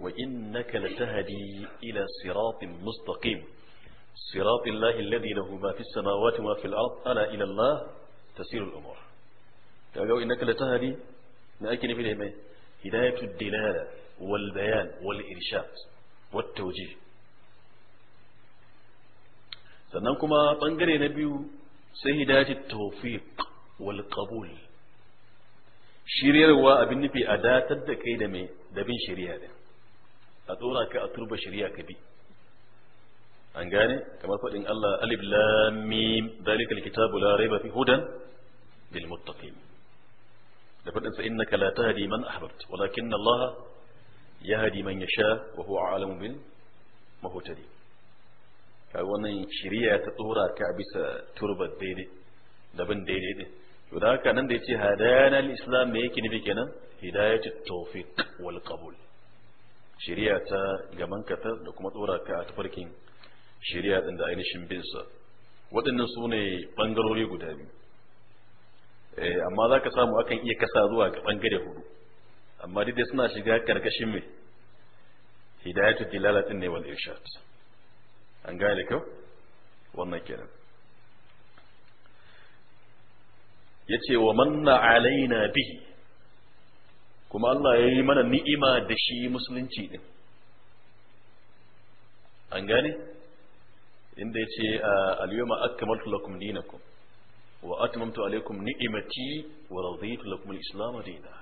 وإنك لتهدي إلى صراط مستقيم صراط الله الذي له ما في السماوات وما في الأرض ألا إلى الله تسير الأمور قالوا إنك لتهدي لكن في الهمية هداية الدلالة والبيان والإرشاد والتوجيه سننكما طنقر نبي سهداة التوفيق والقبول شريع وابن في أداة الدكيدة من دبين شريعة أدورا كأطرب شريعة كبي أنقاني كما قلت إن الله ألب لا ميم ذلك الكتاب لا ريب في هدى للمتقين لفرد فإنك لا تهدي من أحببت ولكن الله يهدي من يشاء وهو عالم بالمهتدي wannan shiriya ta tsora ka bisa turbar daidai daban daidai din to da haka nan da yace hadana al-islam me yake nufi kenan hidayatu tawfiq wal qabul shiriya ta gaman ka ta da kuma tsora ka a tafarkin shiriya din da ainihin bin sa waɗannan sune bangarori guda biyu Eh, amma za ka samu akan iya kasa zuwa ga bangare hudu amma duk suna shiga karkashin mai hidayatu dilalatin ne wal irshad an gane kyau wannan kenan yace wa manna alaina bihi kuma Allah ya yi mana ni'ima da shi musulunci din an gane inda yace al-yawma akmaltu lakum dinakum وأتممت عليكم نعمتي ورضيت لكم الإسلام دينا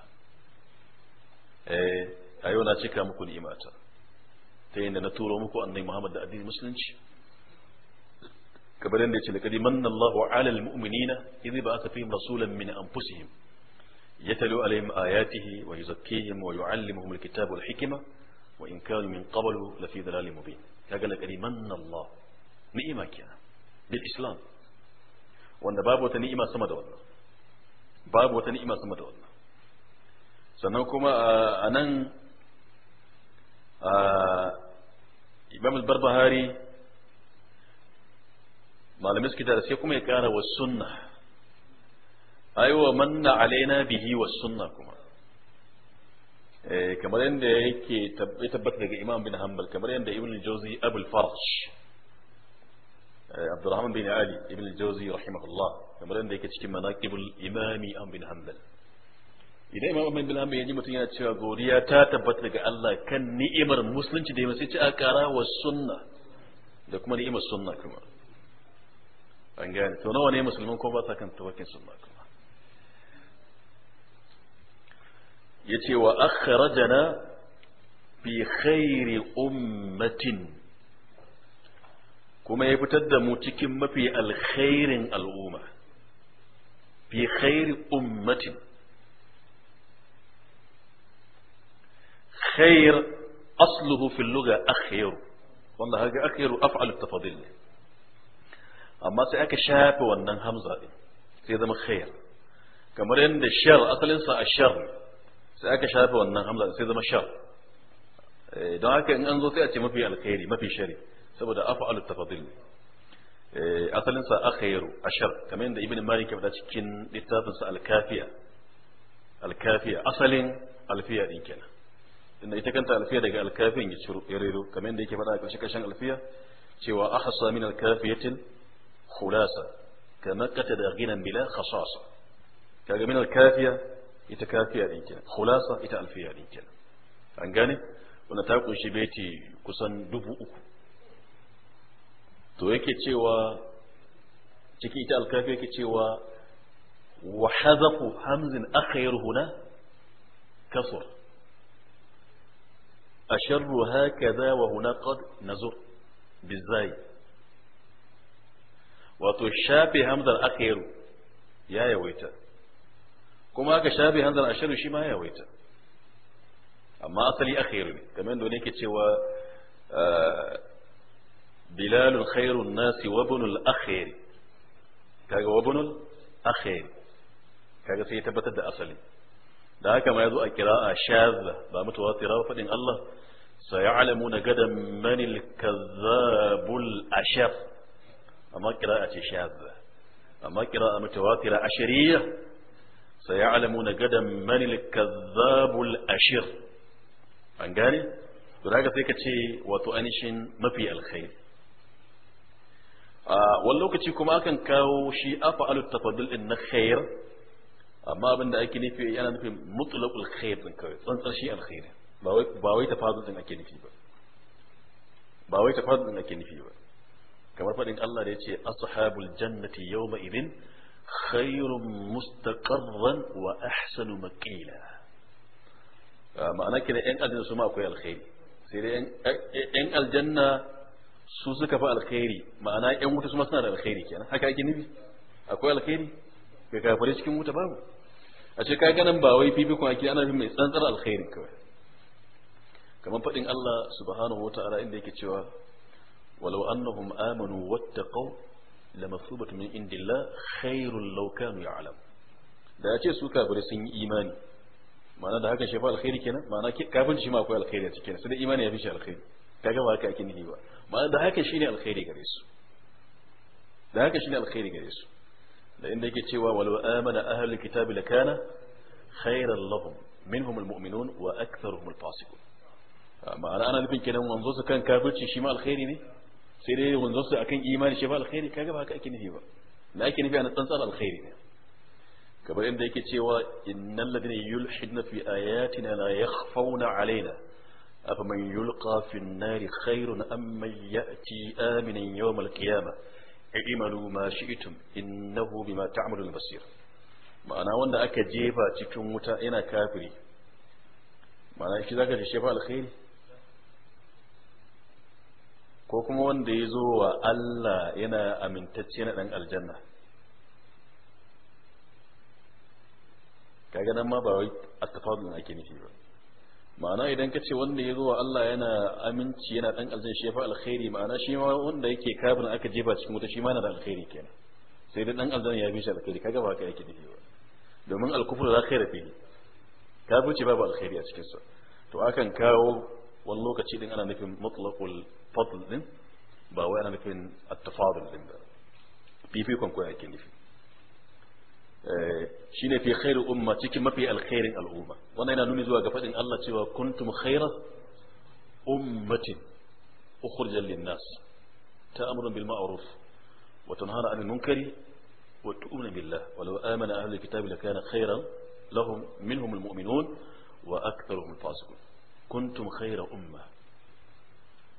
إيه أيونا تكا مكو نعمتا تين نتورا مكو أن محمد الدين أدين كبرين دي لقد من الله على المؤمنين إذ بأت فيهم رسولا من أنفسهم يتلو عليهم آياته ويزكيهم ويعلمهم الكتاب والحكمة وإن كانوا من قبل لفي ضلال مبين كاقل لك من الله نعمة كان بالإسلام wanda babu wata ni'ima sama da wannan babu wata ni'ima sama da wannan sannan kuma a nan imam al-barbahari malamin suke tare sai kuma ya kara wa sunna aiwa manna alaina bihi wa sunna kuma kamar yadda yake tabbata daga imam bin hanbal kamar yadda ibn jawzi abul farsh عبد الرحمن بن علي ابن الجوزي رحمه الله kamar yadda yake cikin manaqibul imami an bin hanbal idan imam an bin hanbal ya ji mutum yana cewa godiya ta tabbata daga Allah kan ni'imar musulunci da ya sai ci a kara wa sunna da kuma ni'imar sunna kuma an gane to nawa ne musulman ko ba sa kan tawakkin sunna kuma yace wa akhrajana bi khairi ummatin kuma ya fitar da mu cikin mafi alkhairin al'umma fi khairi ummatin khair asluhu fil lugha akhiru wanda haka akhiru af'al tafadil amma sai aka shafe wannan hamza din sai zama khair kamar yadda shar asalin sa ashar sai aka shafe wannan hamza sai zama shar don haka in an zo sai a ce mafi alkhairi mafi shari'a saboda afa'alu tafadil ne asalin sa akhiru ashar kamar yadda ibn malik ya fada cikin littafin sa al-kafiya al-kafiya asalin alfiya din kenan inda ita kanta alfiya daga al-kafiyin ya ciro ya rero kamar yadda yake fada a ƙarshe ƙarshen alfiya cewa ahsa min al-kafiyatin khulasa kama da ghinan bila khasasa kaga min al-kafiya ita kafiya din kenan khulasa ita alfiya din kenan an gane wannan ta kunshi baiti kusan dubu uku to yake cewa ciki ita alkafi yake cewa wa hazafu hamzin akhayr huna kasr asharru hakaza wa huna qad nazur bizai wato shafi hamzar akhayr ya yawaita kuma aka shafi hamzar asharru shi ma ya yawaita amma asali akhayr ne kamar yadda ne yake cewa بلال خير الناس وابن الأخير كذا وابن الأخير كاجا سيتبت ده أصلي ده كما يذو القراءة شاذة بمتواترة وفدين الله سيعلمون غدا من الكذاب الأشر أما قراءة شاذة أما قراءة متواترة أشرية سيعلمون غدا من الكذاب الأشر ان gane to daga sai ka ce wato الخير wani lokaci kuma akan kawo shi afa alu tafaddul din na khair amma abin da ake nufi yana nufin mutlaqul khair din kawai tsantsar shi alkhair ba wai ba tafaddul din ake nufi ba ba wai tafaddul din ake nufi ba kamar fadin Allah da yace ashabul jannati yawma idin khairun mustaqarran wa ahsanu maqila ma'ana kina yan aljanna su ma akwai alkhairi sai dai yan aljanna su suka fi alkhairi ma'ana yan wuta su suna da alkhairi kenan haka ake nufi akwai alkhairi ga kafare cikin wuta babu a ce ka nan ba wai fifikon ake ana mai tsantsar alkhairi kawai kamar faɗin Allah subhanahu wata'ala inda yake cewa walau annahum amanu wattaqaw lamasubatu min indillah khairul law kanu ya'lam da ya ce su kafare sun yi imani ma'ana da hakan shafa alkhairi kenan ma'ana kafin shi ma akwai alkhairi a cikin sai da imani ya fi shi alkhairi kaga ba haka ake nufi ba ba da haka shine alkhairi gare su da haka shine alkhairi gare su da inda yake cewa walau amana ahlul kitabi lakana khairan lahum minhum almu'minun wa aktharuhum alfasiqun ma'ana ana nufin kenan wanzo su kan kafirci shi ma alkhairi ne sai dai wanzo su akan imani shi ba alkhairi kaga ba haka ake nufi ba na ake nufi ana tsantsar alkhairi ne kamar inda yake cewa innal ladina yulhidna fi ayatina la yakhfawna alaina أفمن يلقى في النار خير أم يأتي آمنا يوم القيامة اعملوا ما شئتم إنه بما تعمل البصير ما أنا وند أك جيفا تكون متى إنا كافري ما أنا إيش ذاك الشيفا الخير كوكم وند يزوا الله إنا أمن تتشين عن الجنة كأنما بعيد التفاضل أكيد فيه ma'ana idan ka ce wanda ya zo wa Allah yana aminci yana dan aljanna shi ya fa alkhairi ma'ana shi ma wanda yake kafirin aka jefa cikin wuta shi ma yana da alkhairi kenan sai dai dan aljanna ya bi shi alkhairi kaga ba haka yake nufi ba domin alkufru za khaira fihi kafirci babu alkhairi a cikin sa to akan kawo wani lokaci din ana nufin mutlaqul fadl din ba wai ana nufin at-tafadul din ba fifikon ko yake nufi shine fi khairu umma cikin mafi alkhairin al'umma wannan yana nuni zuwa ga fadin Allah cewa kuntum khaira ummatin ukhrijat lin-nas ta'muruna bil ma'ruf wa tunhana 'anil munkari wa tu'minu billah wa law amana ahlul kitabi lakana khairan lahum minhum al-mu'minun wa aktharuhum fasiqun kuntum khaira umma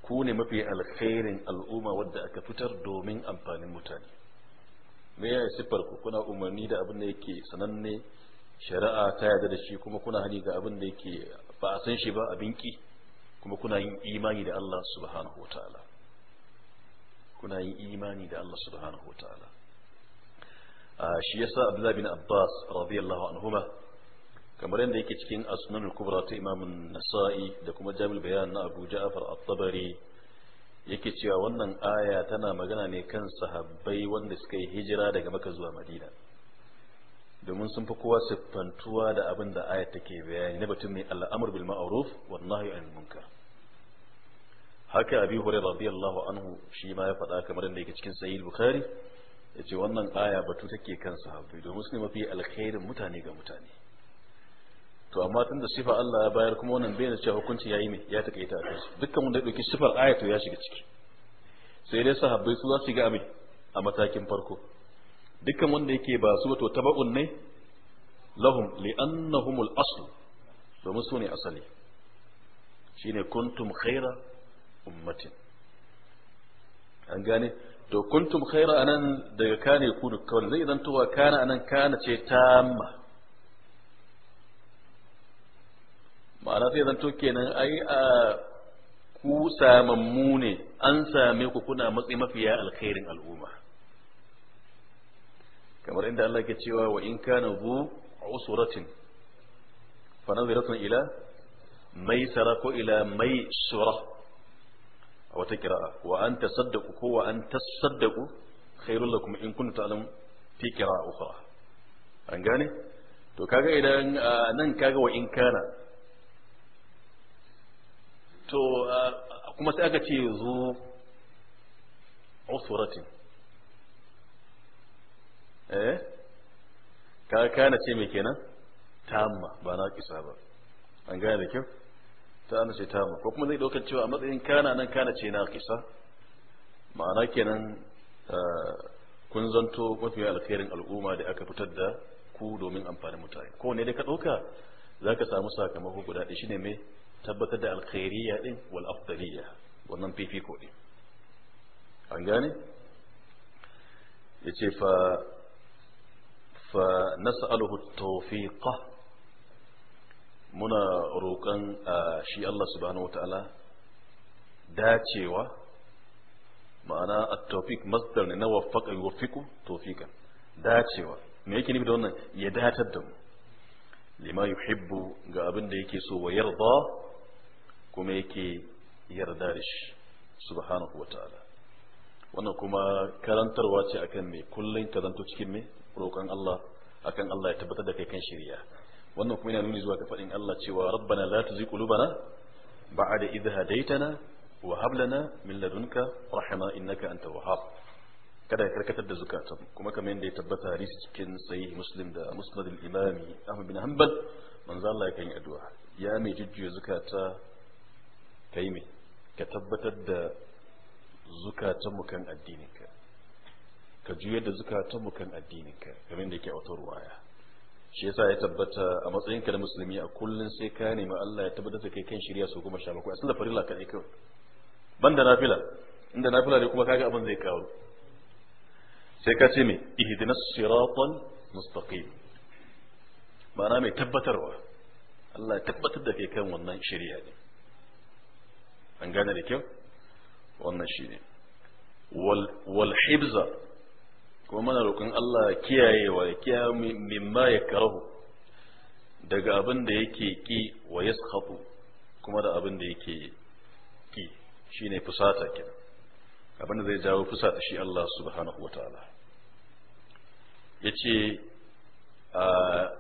ku ne mafi alkhairin al'umma wadda aka fitar domin amfanin mutane me ya siffar ku kuna umarni da abin da yake sananne shari'a ta yarda da shi kuma kuna hani ga abin da yake ba a san shi ba abin ki kuma kuna yin imani da Allah subhanahu wataala kuna yin imani da Allah subhanahu wataala shi yasa Abdullah bin Abbas radiyallahu anhuma kamar yadda yake cikin asnanul al-kubra ta Imam an-Nasa'i da kuma Jami'ul Bayan na Abu Ja'far at-Tabari yake cewa wannan aya tana magana ne kan sahabbai wanda suka yi hijira daga maka zuwa madina domin sun fi kowa siffantuwa da abin da aya take bayani na batun mai al'amur bil ma'ruf wan nahyi anil munkar haka abi hurairah radiyallahu anhu shi ma ya faɗa kamar da yake cikin sahih bukhari yace wannan aya batu take kan sahabbai domin su ne mafi alkhairin mutane ga mutane to amma tun da sifa Allah ya bayar kuma wannan bai da cewa ya yi mai ya takaita a kansu dukkan wanda ya dauki sifar aya to ya shiga ciki sai dai sahabbai su za su ga abin a matakin farko dukkan wanda yake ba su ba to taba'un ne lahum li'annahumul asl domin su ne asali shine kuntum khaira ummatin an gane to kuntum khaira anan daga kane ku dukkan zai zantowa kana anan kana ce tamma ma'ana sai toke kenan ai a ku samammu ne an same ku kuna matsi mafiya alkhairin al'umma kamar inda Allah ke cewa wa in kana zu usratin fa naziratun ila maisara ko ila Mai maisura a wata kira'a wa an tasaddaku ko wa an tasaddaku khairul lakum in kuntum ta'lamun fi kira'a ukhra an gane to kaga idan nan kaga wa in kana to kuma sai aka ce zu usuratin eh ka kana ce me kenan tamma ba na kisa ba an gane da kyau ta ana ce tamma ko kuma zai daukar cewa a matsayin kana nan kana ce na kisa ma'ana kenan kun zanto mafi alkhairin al'umma da aka fitar da ku domin amfanin mutane ko ne dai ka dauka zaka samu sakamako guda ɗaya shine mai tabbatar da alkhairiyya din wal afdaliyya wannan fifiko din an gane yace fa fa nas'aluhu tawfiqa muna roƙon shi Allah subhanahu wataala dacewa ma'ana at-tawfiq masdar ne na waffaqa yuwaffiqu tawfiqan dacewa me yake nufi da wannan ya datar da mu lima yuhibbu ga abin da yake so wa yarda kuma yake yarda da shi subhanahu wa ta'ala wannan kuma karantarwa ce akan mai kullum ka zanto cikin mai roƙon Allah akan Allah ya tabbatar da kai kan shari'a wannan kuma yana nuni zuwa ga faɗin Allah cewa rabbana la tuzigh qulubana ba'da idh hadaytana wa hab lana min ladunka rahma innaka antal wahhab kada ka karkatar da zukatan kuma kamar yadda ya tabbata hadisi cikin sahih muslim da musnad al-imami Ahmad bin Hanbal manzo Allah addu'a ya mai jujjuya zukata ka yi mai ka tabbatar da zukatanmu kan addininka ka juyar da zukatanmu kan addininka kamar da ke a wata ruwaya shi yasa ya tabbata a matsayinka da musulmi a kullun sai ka nemi Allah ya tabbatar da kai kan shirya su goma sha bakwai a sallar farilla kadai kawai banda nafila inda nafila ne kuma kaga abin zai kawo sai ka ce mai ihdinas siratan mustaqim ma'ana mai tabbatarwa Allah ya tabbatar da kai kan wannan shirya ne an gane da kyau wannan shi ne walhibza kuma mana roƙon Allah kiyayewa ya kiya mimma ya karahu daga abin da yake ki wa ya kuma da abin da yake ki shi ne fusata ke abin da zai jawo fusata shi Allah subhanahu wa ta'ala ya ce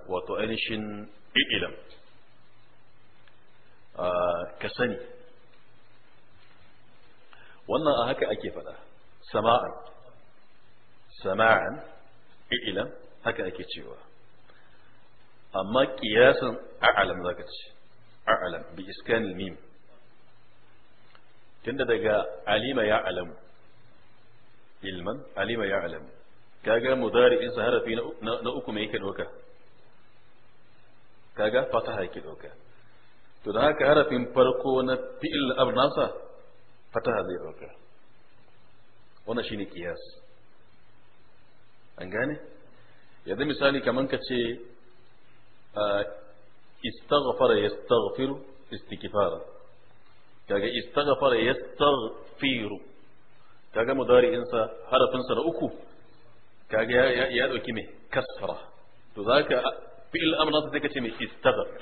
wato ainihin ilam ka sani wannan a haka ake faɗa sama'an sama'an ilam haka ake cewa amma kiyasan a'alam zaka ce a'alam bi iskan mim tunda daga alima ya alamu ilman alima ya alamu kaga mudari'in sa harafi na uku mai yake doka kaga fataha yake doka to da haka harafin farko na fi'il abnasa fataha zai ɗauka wannan shine kiyas an gane yanzu misali kamar ka ce istaghfara yastaghfiru istighfara kaga istaghfara kaga mudari'insa harafinsa na uku kaga ya dauki me kasra to zaka fi'il amr nasa sai ka ce istaghfir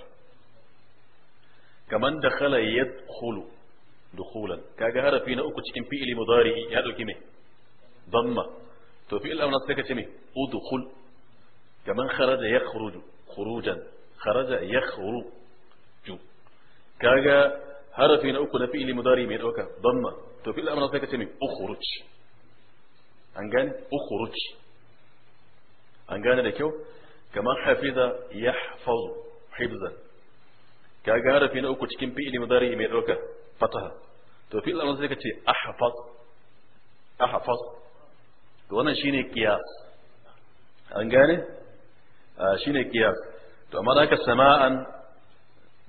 دخولا كاجا هرفينا اوكو تشكين في الي مضاري يا دوكي مي ضمة تو في الامر نصيك تشمي ادخل كمان خرج يخرج خروجا خرج يخرج كاجا هرفينا اوكو نفي الي مضاري مي دوكا ضمة تو في الامر نصيك تشمي اخرج انجان اخرج انجان لكيو كمان حفظ يحفظ حفظا كاجا هرفينا اوكو تشكين في الي مضاري مي دوكا fataha to fi'il amr sai ka ce ahfaz ahfaz to wannan shine an gane shine to amma da ka sama'an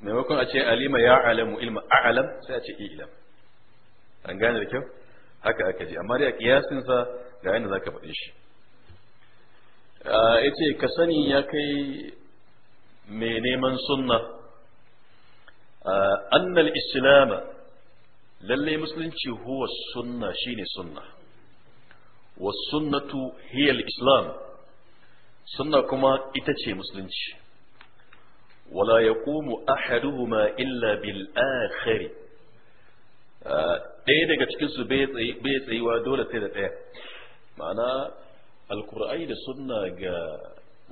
maimakon a ce alima ya alamu ilma a'lam sai a ce ilam an gane da kyau haka aka ji amma dai a kiyasin sa ga yadda zaka faɗi shi yace ka sani ya kai mai neman sunna annal islam lalle musulunci huwa sunna shine sunna wa sunnatu hiya islam sunna kuma ita ce musulunci wala yaqumu ahaduhuma illa bil akhir ɗaya daga cikin su bai tsayuwa dole sai da ɗaya ma'ana alkur'ani da sunna ga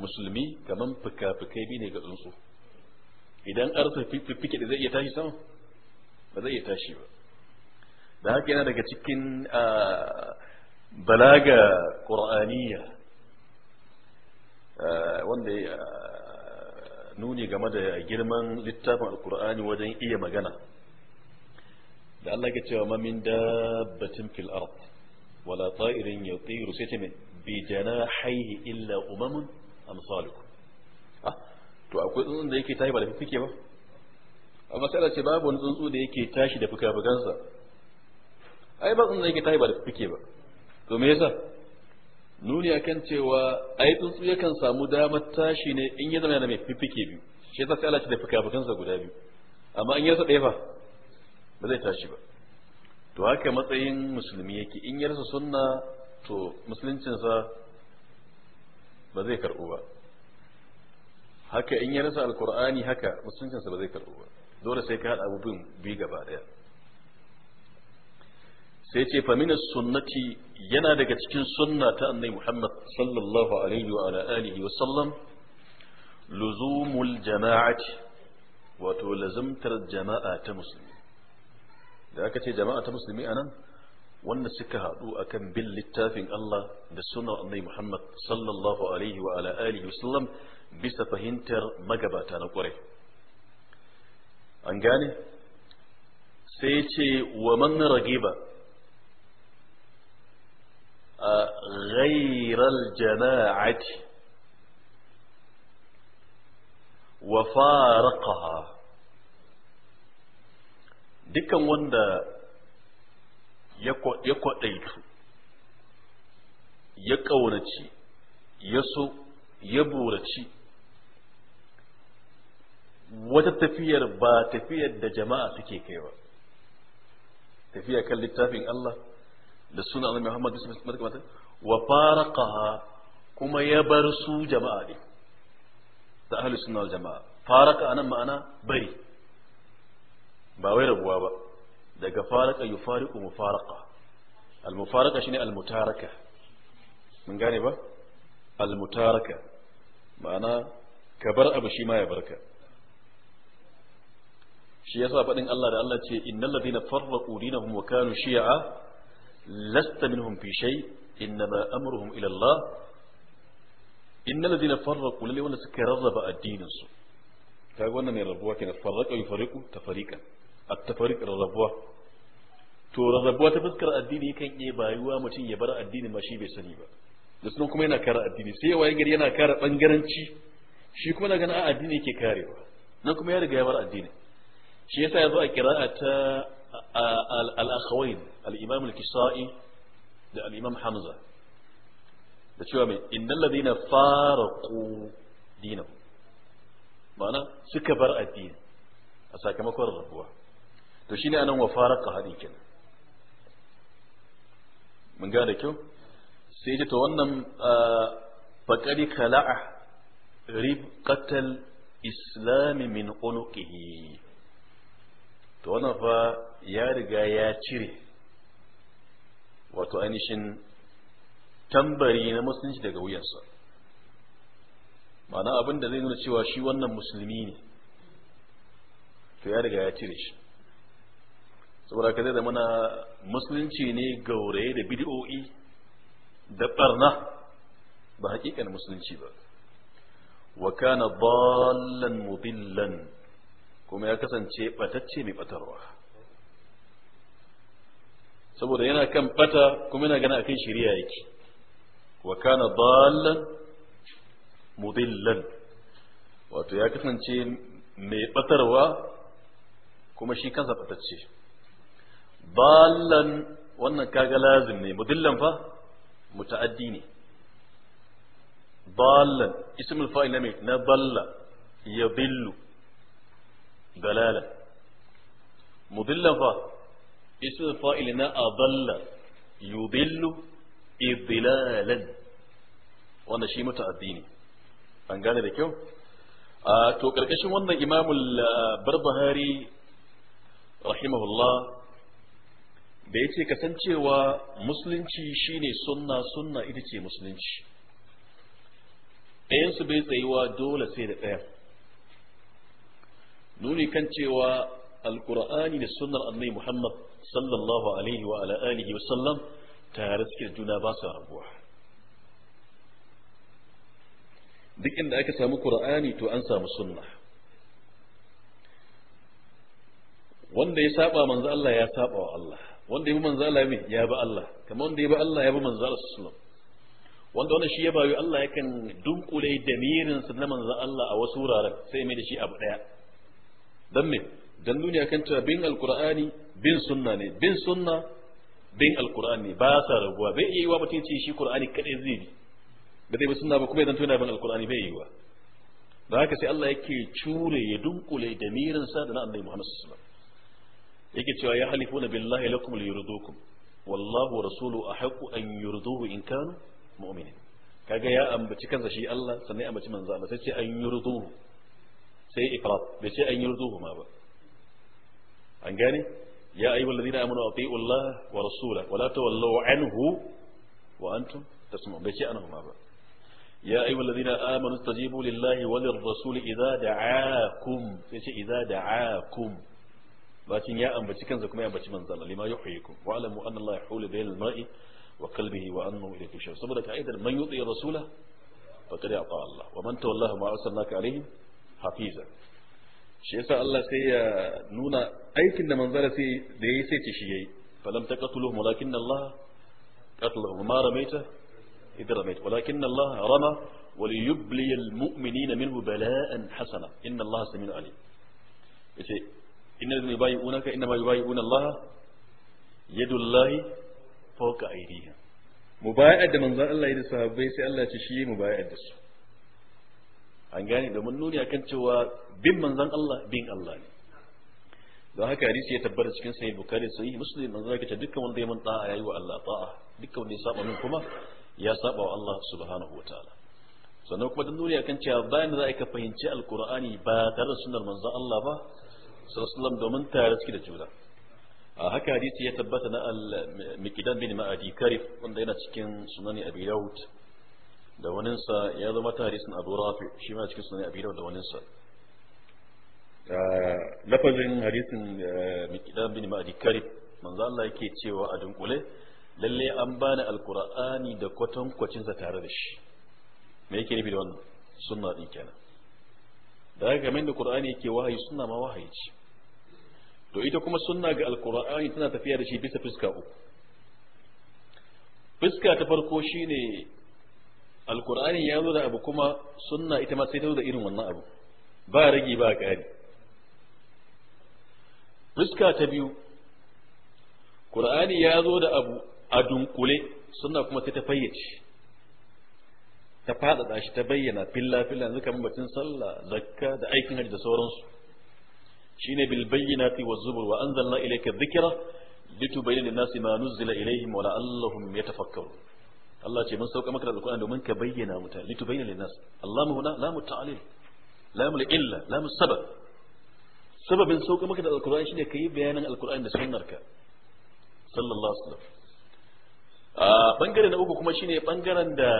musulmi kamar fuka-fukai bi ne ga tsuntsu idan arsa fifike da zai iya tashi sama ba zai iya tashi ba da haka yana daga cikin ah, balaga ƙur'aniya ah, wanda ah, nuni game da girman littafin alkur'ani wajen iya magana da Allah ke cewa min dabbatin fil ard wala ta'irin yatiru sai tamin bi haihi illa umamun amsalukum ah to akwai tsuntsun da yake tashi ba da fifike ba amma sai ce babu wani tsuntsu da yake tashi da fuka-fukansa ai ba tsuntsaye ke tashi ba da fuke ba to me yasa nuni akan cewa ai tsuntsu yakan samu damar tashi ne in ya zama yana mai fifike biyu shi yasa sai Allah ya da sa guda biyu amma in ya rasa ɗaya fa ba zai tashi ba to haka matsayin musulmi yake in ya rasa sunna to sa ba zai karɓu ba haka in ya rasa alkur'ani haka sa ba zai karɓu ba dole sai ka haɗa abubuwan biyu gaba ɗaya sai ce fa minas sunnati yana daga cikin sunna ta annai Muhammad sallallahu alaihi wa alihi wa sallam luzumul jama'ati wato lazumtar jama'a ta musulmi da aka ce jama'a ta musulmi anan wanda suka haɗu akan bin littafin Allah da suna annai Muhammad sallallahu alaihi wa alihi wa sallam bisa fahimtar magabata na kwarai an gane sai ce wa man ragiba غير الجماعة وفارقها dukkan wanda ya kwaɗaitu ya ƙaunaci ya so ya buraci wata tafiyar ba tafiyar da jama'a suke kaiwa tafiya kan littafin Allah da sunan annabi Muhammad su makamata wa faraqaha kuma ya bar su jama'a ne da ahli sunna wal jama'a faraka anan ma'ana bari ba wai rabuwa ba daga faraka yufariqu mufaraqa al mufaraqa shine al mutaraka mun gane ba al mutaraka ma'ana ka bar abu shi ma ya barka shi yasa fadin Allah da Allah ce innal ladina farraqu dinahum wa kanu shi'a lasta minhum fi shay innama amruhum ila Allah innal ladina farraqu wanda suka rarraba addinin su kaga wannan mai rabuwa kenan farraqa yufariqu tafariqan at-tafariq rarrabuwa to rarrabuwa ta fuskar addini kan iya bayuwa mutum ya bar addini ma shi bai sani ba da sunan kuma yana kare addini sai waye gari yana kare bangaranci shi kuma na ganin addini nan kuma ya riga ya bar addini shi yasa yazo a kira'a ta آه، الأخوين الإمام الكسائي الإمام حمزة تشوامي إن الذين فارقوا دينهم معنى سكبر الدين أساكما كور الربوة تشيني أنا وفارق هذه كلمة من قال كيو سيجت ونم آه، فكري خلاع غريب قتل إسلام من قنقه to wannan fa ya riga ya cire wato ainihin tambari na musulunci daga wuyansa ma'ana abin da zai nuna cewa shi wannan musulmi ne to ya riga ya cire shi saboda ka zai zamana musulunci ne gauraye da bidi'o'i da barna ba hakikan musulunci ba wa kana dallan mudillan kuma ya kasance batacce mai batarwa saboda yana kan bata kuma yana gana akan shari'a yake wa kana dallan mudillan wato ya kasance mai batarwa kuma shi kansa batacce dallan wannan kaga lazim ne mudillan fa muta'addi ne dallan ismul fa'il na ya billu. dalala mudillan fa ismul fa'il na adalla yudillu idlalan wannan shi muta'addi ne an gane da kyau to ƙarƙashin wannan imamul barbahari rahimahullah da ya ce kasancewa musulunci shine sunna sunna ita ce musulunci ɗayansu bai tsayuwa dole sai da ɗaya nuni kan cewa alkur'ani da sunnar annabi muhammad sallallahu alaihi wa ala alihi wasallam tare suke juna ba su rabuwa duk inda aka samu qur'ani to an samu sunna wanda ya saba manzo Allah ya saba wa Allah wanda ya bi manzo Allah ya bi Allah kamar wanda ya bi Allah ya bi manzo Allah sallallahu wanda wannan shi ya bayu Allah yakan dunkule damirin sa na manzo Allah a wasu wuraren sai mai da shi abu daya dan me dan nuni akan cewa bin alqur'ani bin sunna ne bin sunna bin alqur'ani ba sa rabuwa bai iya yiwa mutum ce shi qur'ani kadai zai bi da zai bi sunna ba kuma idan tuna bin alqur'ani bai yiwa da haka sai Allah yake cure ya dunkule da mirinsa da na annabi Muhammad sallallahu alaihi wasallam yake cewa ya halifuna billahi lakum liyurdukum wallahu rasulu ahqqu an yurduhu in kanu mu'minin kaga ya ambaci kansa shi Allah sannan ya ambaci manzo Allah sai ce an yurduhu sai ifrat bai ce an yi ruduhuma ba an gane ya ayyuhal ladina amanu atiiu Allah wa rasula wa la tawallu anhu wa antum tasma'un bai ce anhuma ba ya ayyuhal ladina amanu istajibu lillahi wa lirrasuli idza da'akum sai ce idza da'akum bacin ya ambaci kansa kuma ya ambaci manzon Allah lima yuhyikum wa alamu anna Allah yahulu bainal mar'i wa qalbihi wa annahu ilayhi yushur saboda ka'idar man yuti rasula faqad ata Allah wa man tawallahu ma arsalnaka alayhi hafiza shi yasa Allah sai ya nuna aikin da manzara sai da yayi sai ce shi yayi falam taqtuluhum walakin Allah qatalahum ma ramaita idh ramait walakin Allah rama وليبلي المؤمنين منه بلاء حسنا إن الله سميع عليم yace inna zai bayi unaka inna ma bayi unan Allah yadullahi fawqa aydihim mubayi'at da manzon Allah ya da sahabbai sai Allah ya ce shi mubayi'at da su an gane domin nuni akan cewa bin manzon Allah bin Allah ne don haka hadisi ya tabbata cikin sahih bukhari sahih muslim manzon yake ce dukkan wanda ya manta ta'a yayi wa Allah ta'a dukkan wanda ya saba min kuma ya saba wa Allah subhanahu wataala sannan kuma dan nuni akan cewa bayan za a ka fahimci alqur'ani ba tare da sunnar manzon Allah ba sallallahu alaihi domin tare suke da juna a haka hadisi ya tabbata na al-miqdad bin ma'adi karif wanda yana cikin sunani abi daud da waninsa ya zama ta hadisin abu rafi shi ma cikin sunan abi da waninsa ah, lafazin hadisin eh, mikidan bin ma'adi karib manzo Allah yake cewa a dunkule lalle an bani alqur'ani da kwatankwacin sa tare da shi me yake nufi da wannan sunna din kenan da haka kamar da qur'ani yake wahayi sunna ma wahayi ce to ita kuma sunna ga alqur'ani tana tafiya da shi bisa fuska uku fuska ta farko shine alkur'ani ya zo da abu kuma sunna ita ma sai ta zo da irin wannan abu ba rage ba ƙari fuska ta biyu Ƙur'ani ya zo da abu a dunkule sunna kuma sai ta fayyace ta faɗaɗa shi ta bayyana filla filla yanzu kamar batun sallah zakka da aikin hajji da sauransu shine bil bayyinati wa zubur wa anzalna ilayka dhikra litubayyana lin-nasi ma nuzila ilayhim wa la'allahum yatafakkarun Allah ce mun sauka maka da alqur'ani domin ka bayyana mutane litubayyana linnas Allahu huna lamu ta'lil lamu illa lamu sabab sababin sauka maka da alqur'ani shine kai bayanan alqur'ani da sunnarka sallallahu alaihi wasallam a bangare na uku kuma shine bangaren da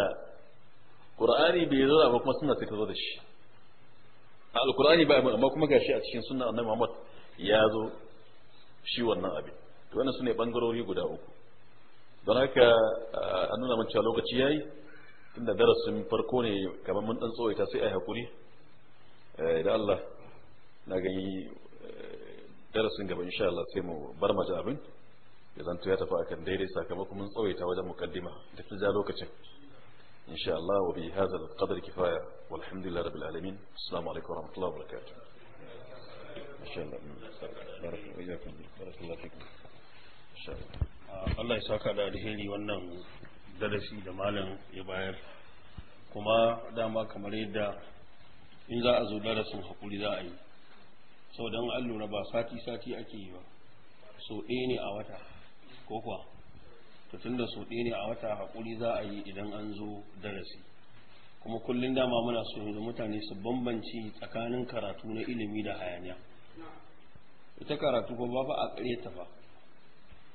qur'ani bai zo ba kuma sunna sai ta zo da shi a alqur'ani ba amma kuma gashi a cikin sunnar annabi Muhammad ya zo shi wannan abin to wannan sune bangarori guda uku don haka an nuna mun cewa lokaci yayi tunda darasin farko ne kamar mun dan tsawaita sai ai hakuri idan Allah na gani darasin gaba insha Allah sai mu bar maja abin ya zanto ya tafi akan daidai sakamakon mun tsawaita wajen mukaddima da ta ja lokacin insha Allah wa bi hadha al-qadr kifaya walhamdulillahi rabbil alamin assalamu alaikum wa rahmatullahi wa barakatuh ما شاء الله بارك الله فيكم Uh, Allah ya saka da alheri wannan darasi da malam ya bayar kuma dama kamar yadda in za a zo darasin hakuri za a yi sau don allura ba sati-sati ake yi ba so ɗaya ne a wata ko kuwa to da so ɗaya ne a wata hakuri za a yi idan an zo darasi kuma kullum dama muna so da mutane su bambanci tsakanin karatu na ilimi da hayaniya ita karatu ba ba a ƙare ta ba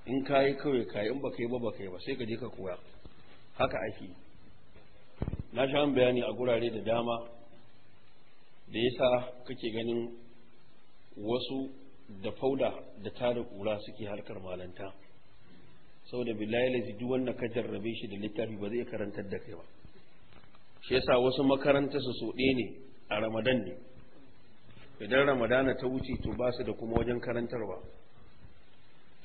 in ka yi kawai ka yi in ba ka yi ba ba ka yi ba sai ka je ka koya haka ake na sha bayani a gurare da dama da ya sa kake ganin wasu da fauda da tada kura suke harkar malanta saboda billahi lazi duk wanda ka jarrabe shi da littafi ba zai karantar da kai ba shi yasa wasu makaranta su soɗe ne a ramadan ne idan ramadana ta wuce to ba su da kuma wajen karantarwa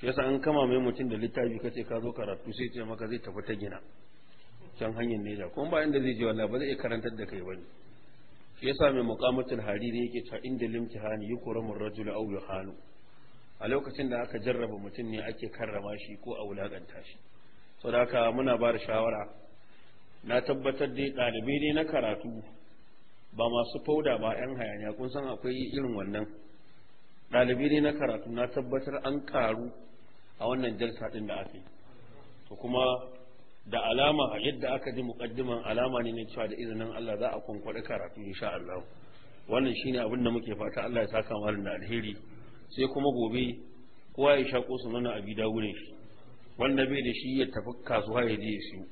shi yasa an kama mai mutum da littafi kace ka zo karatu sai ce maka zai tafi ta gina can hanyar neja kuma ba inda zai je wallahi ba zai iya karantar da kai bane shi yasa mai muqamatul hariri yake ta inda hani yukuru mur rajul aw yuhanu a lokacin da aka jarraba mutum ne ake karrama shi ko a wulakanta shi saboda haka muna ba da shawara na tabbatar dai ɗalibai ne na karatu ba masu fauda ba 'yan hayaniya kun san akwai irin wannan ɗalibai ne na karatu na tabbatar an karu a wannan jalsa din da aka yi to kuma da alama yadda aka ji muƙaddiman, alama ne na cewa da izinin Allah za a kunkwada karatu insha Allah wannan shine abin da muke fata Allah ya saka mu da alheri sai kuma gobe kowa ya shako a gida dawurin shi wanda bai da shi ya tafi kasuwa ya je ya siyo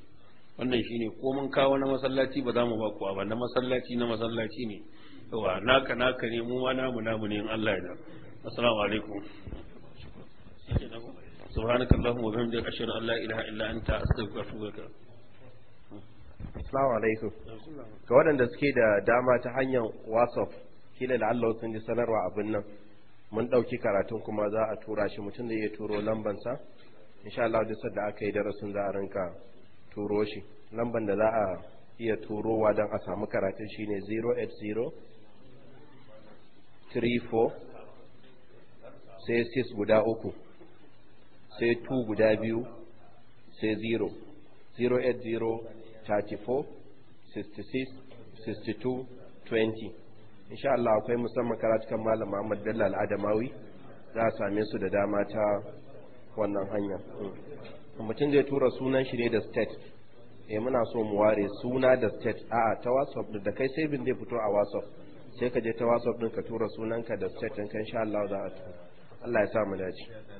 wannan shine ko mun kawo na masallaci ba za mu ba kuwa ba na masallaci na masallaci ne wa naka naka ne mu ma namu namu ne in Allah ya da assalamu alaikum subhanaka allahumma wa bihamdika ashhadu an la ilaha illa anta astaghfiruka wa atubu ilaik assalamu alaikum ga waɗanda suke da dama ta hanyar whatsapp kila Allah sun ji sanarwa abin nan mun ɗauki karatun kuma za a tura shi mutum da ya turo lambansa insha Allah duk da aka yi darasin za a rinka turo shi lamban da za a iya turowa don a samu karatun shi shine 080 34 sai 6 guda uku sai 2 guda biyu sai 0 080 34 66 62 20 insha Allah akwai musamman karatukan malama Muhammad Bello Al-Adamawi za a same su da dama ta wannan hanya mm. mutum zai tura sunan shi ne da state eh muna so mu ware suna da state a a ta WhatsApp da kai sai bin zai fito a WhatsApp sai ka je ta WhatsApp din ka tura sunanka da state din ka insha Allah za a tura Allah ya sa mu dace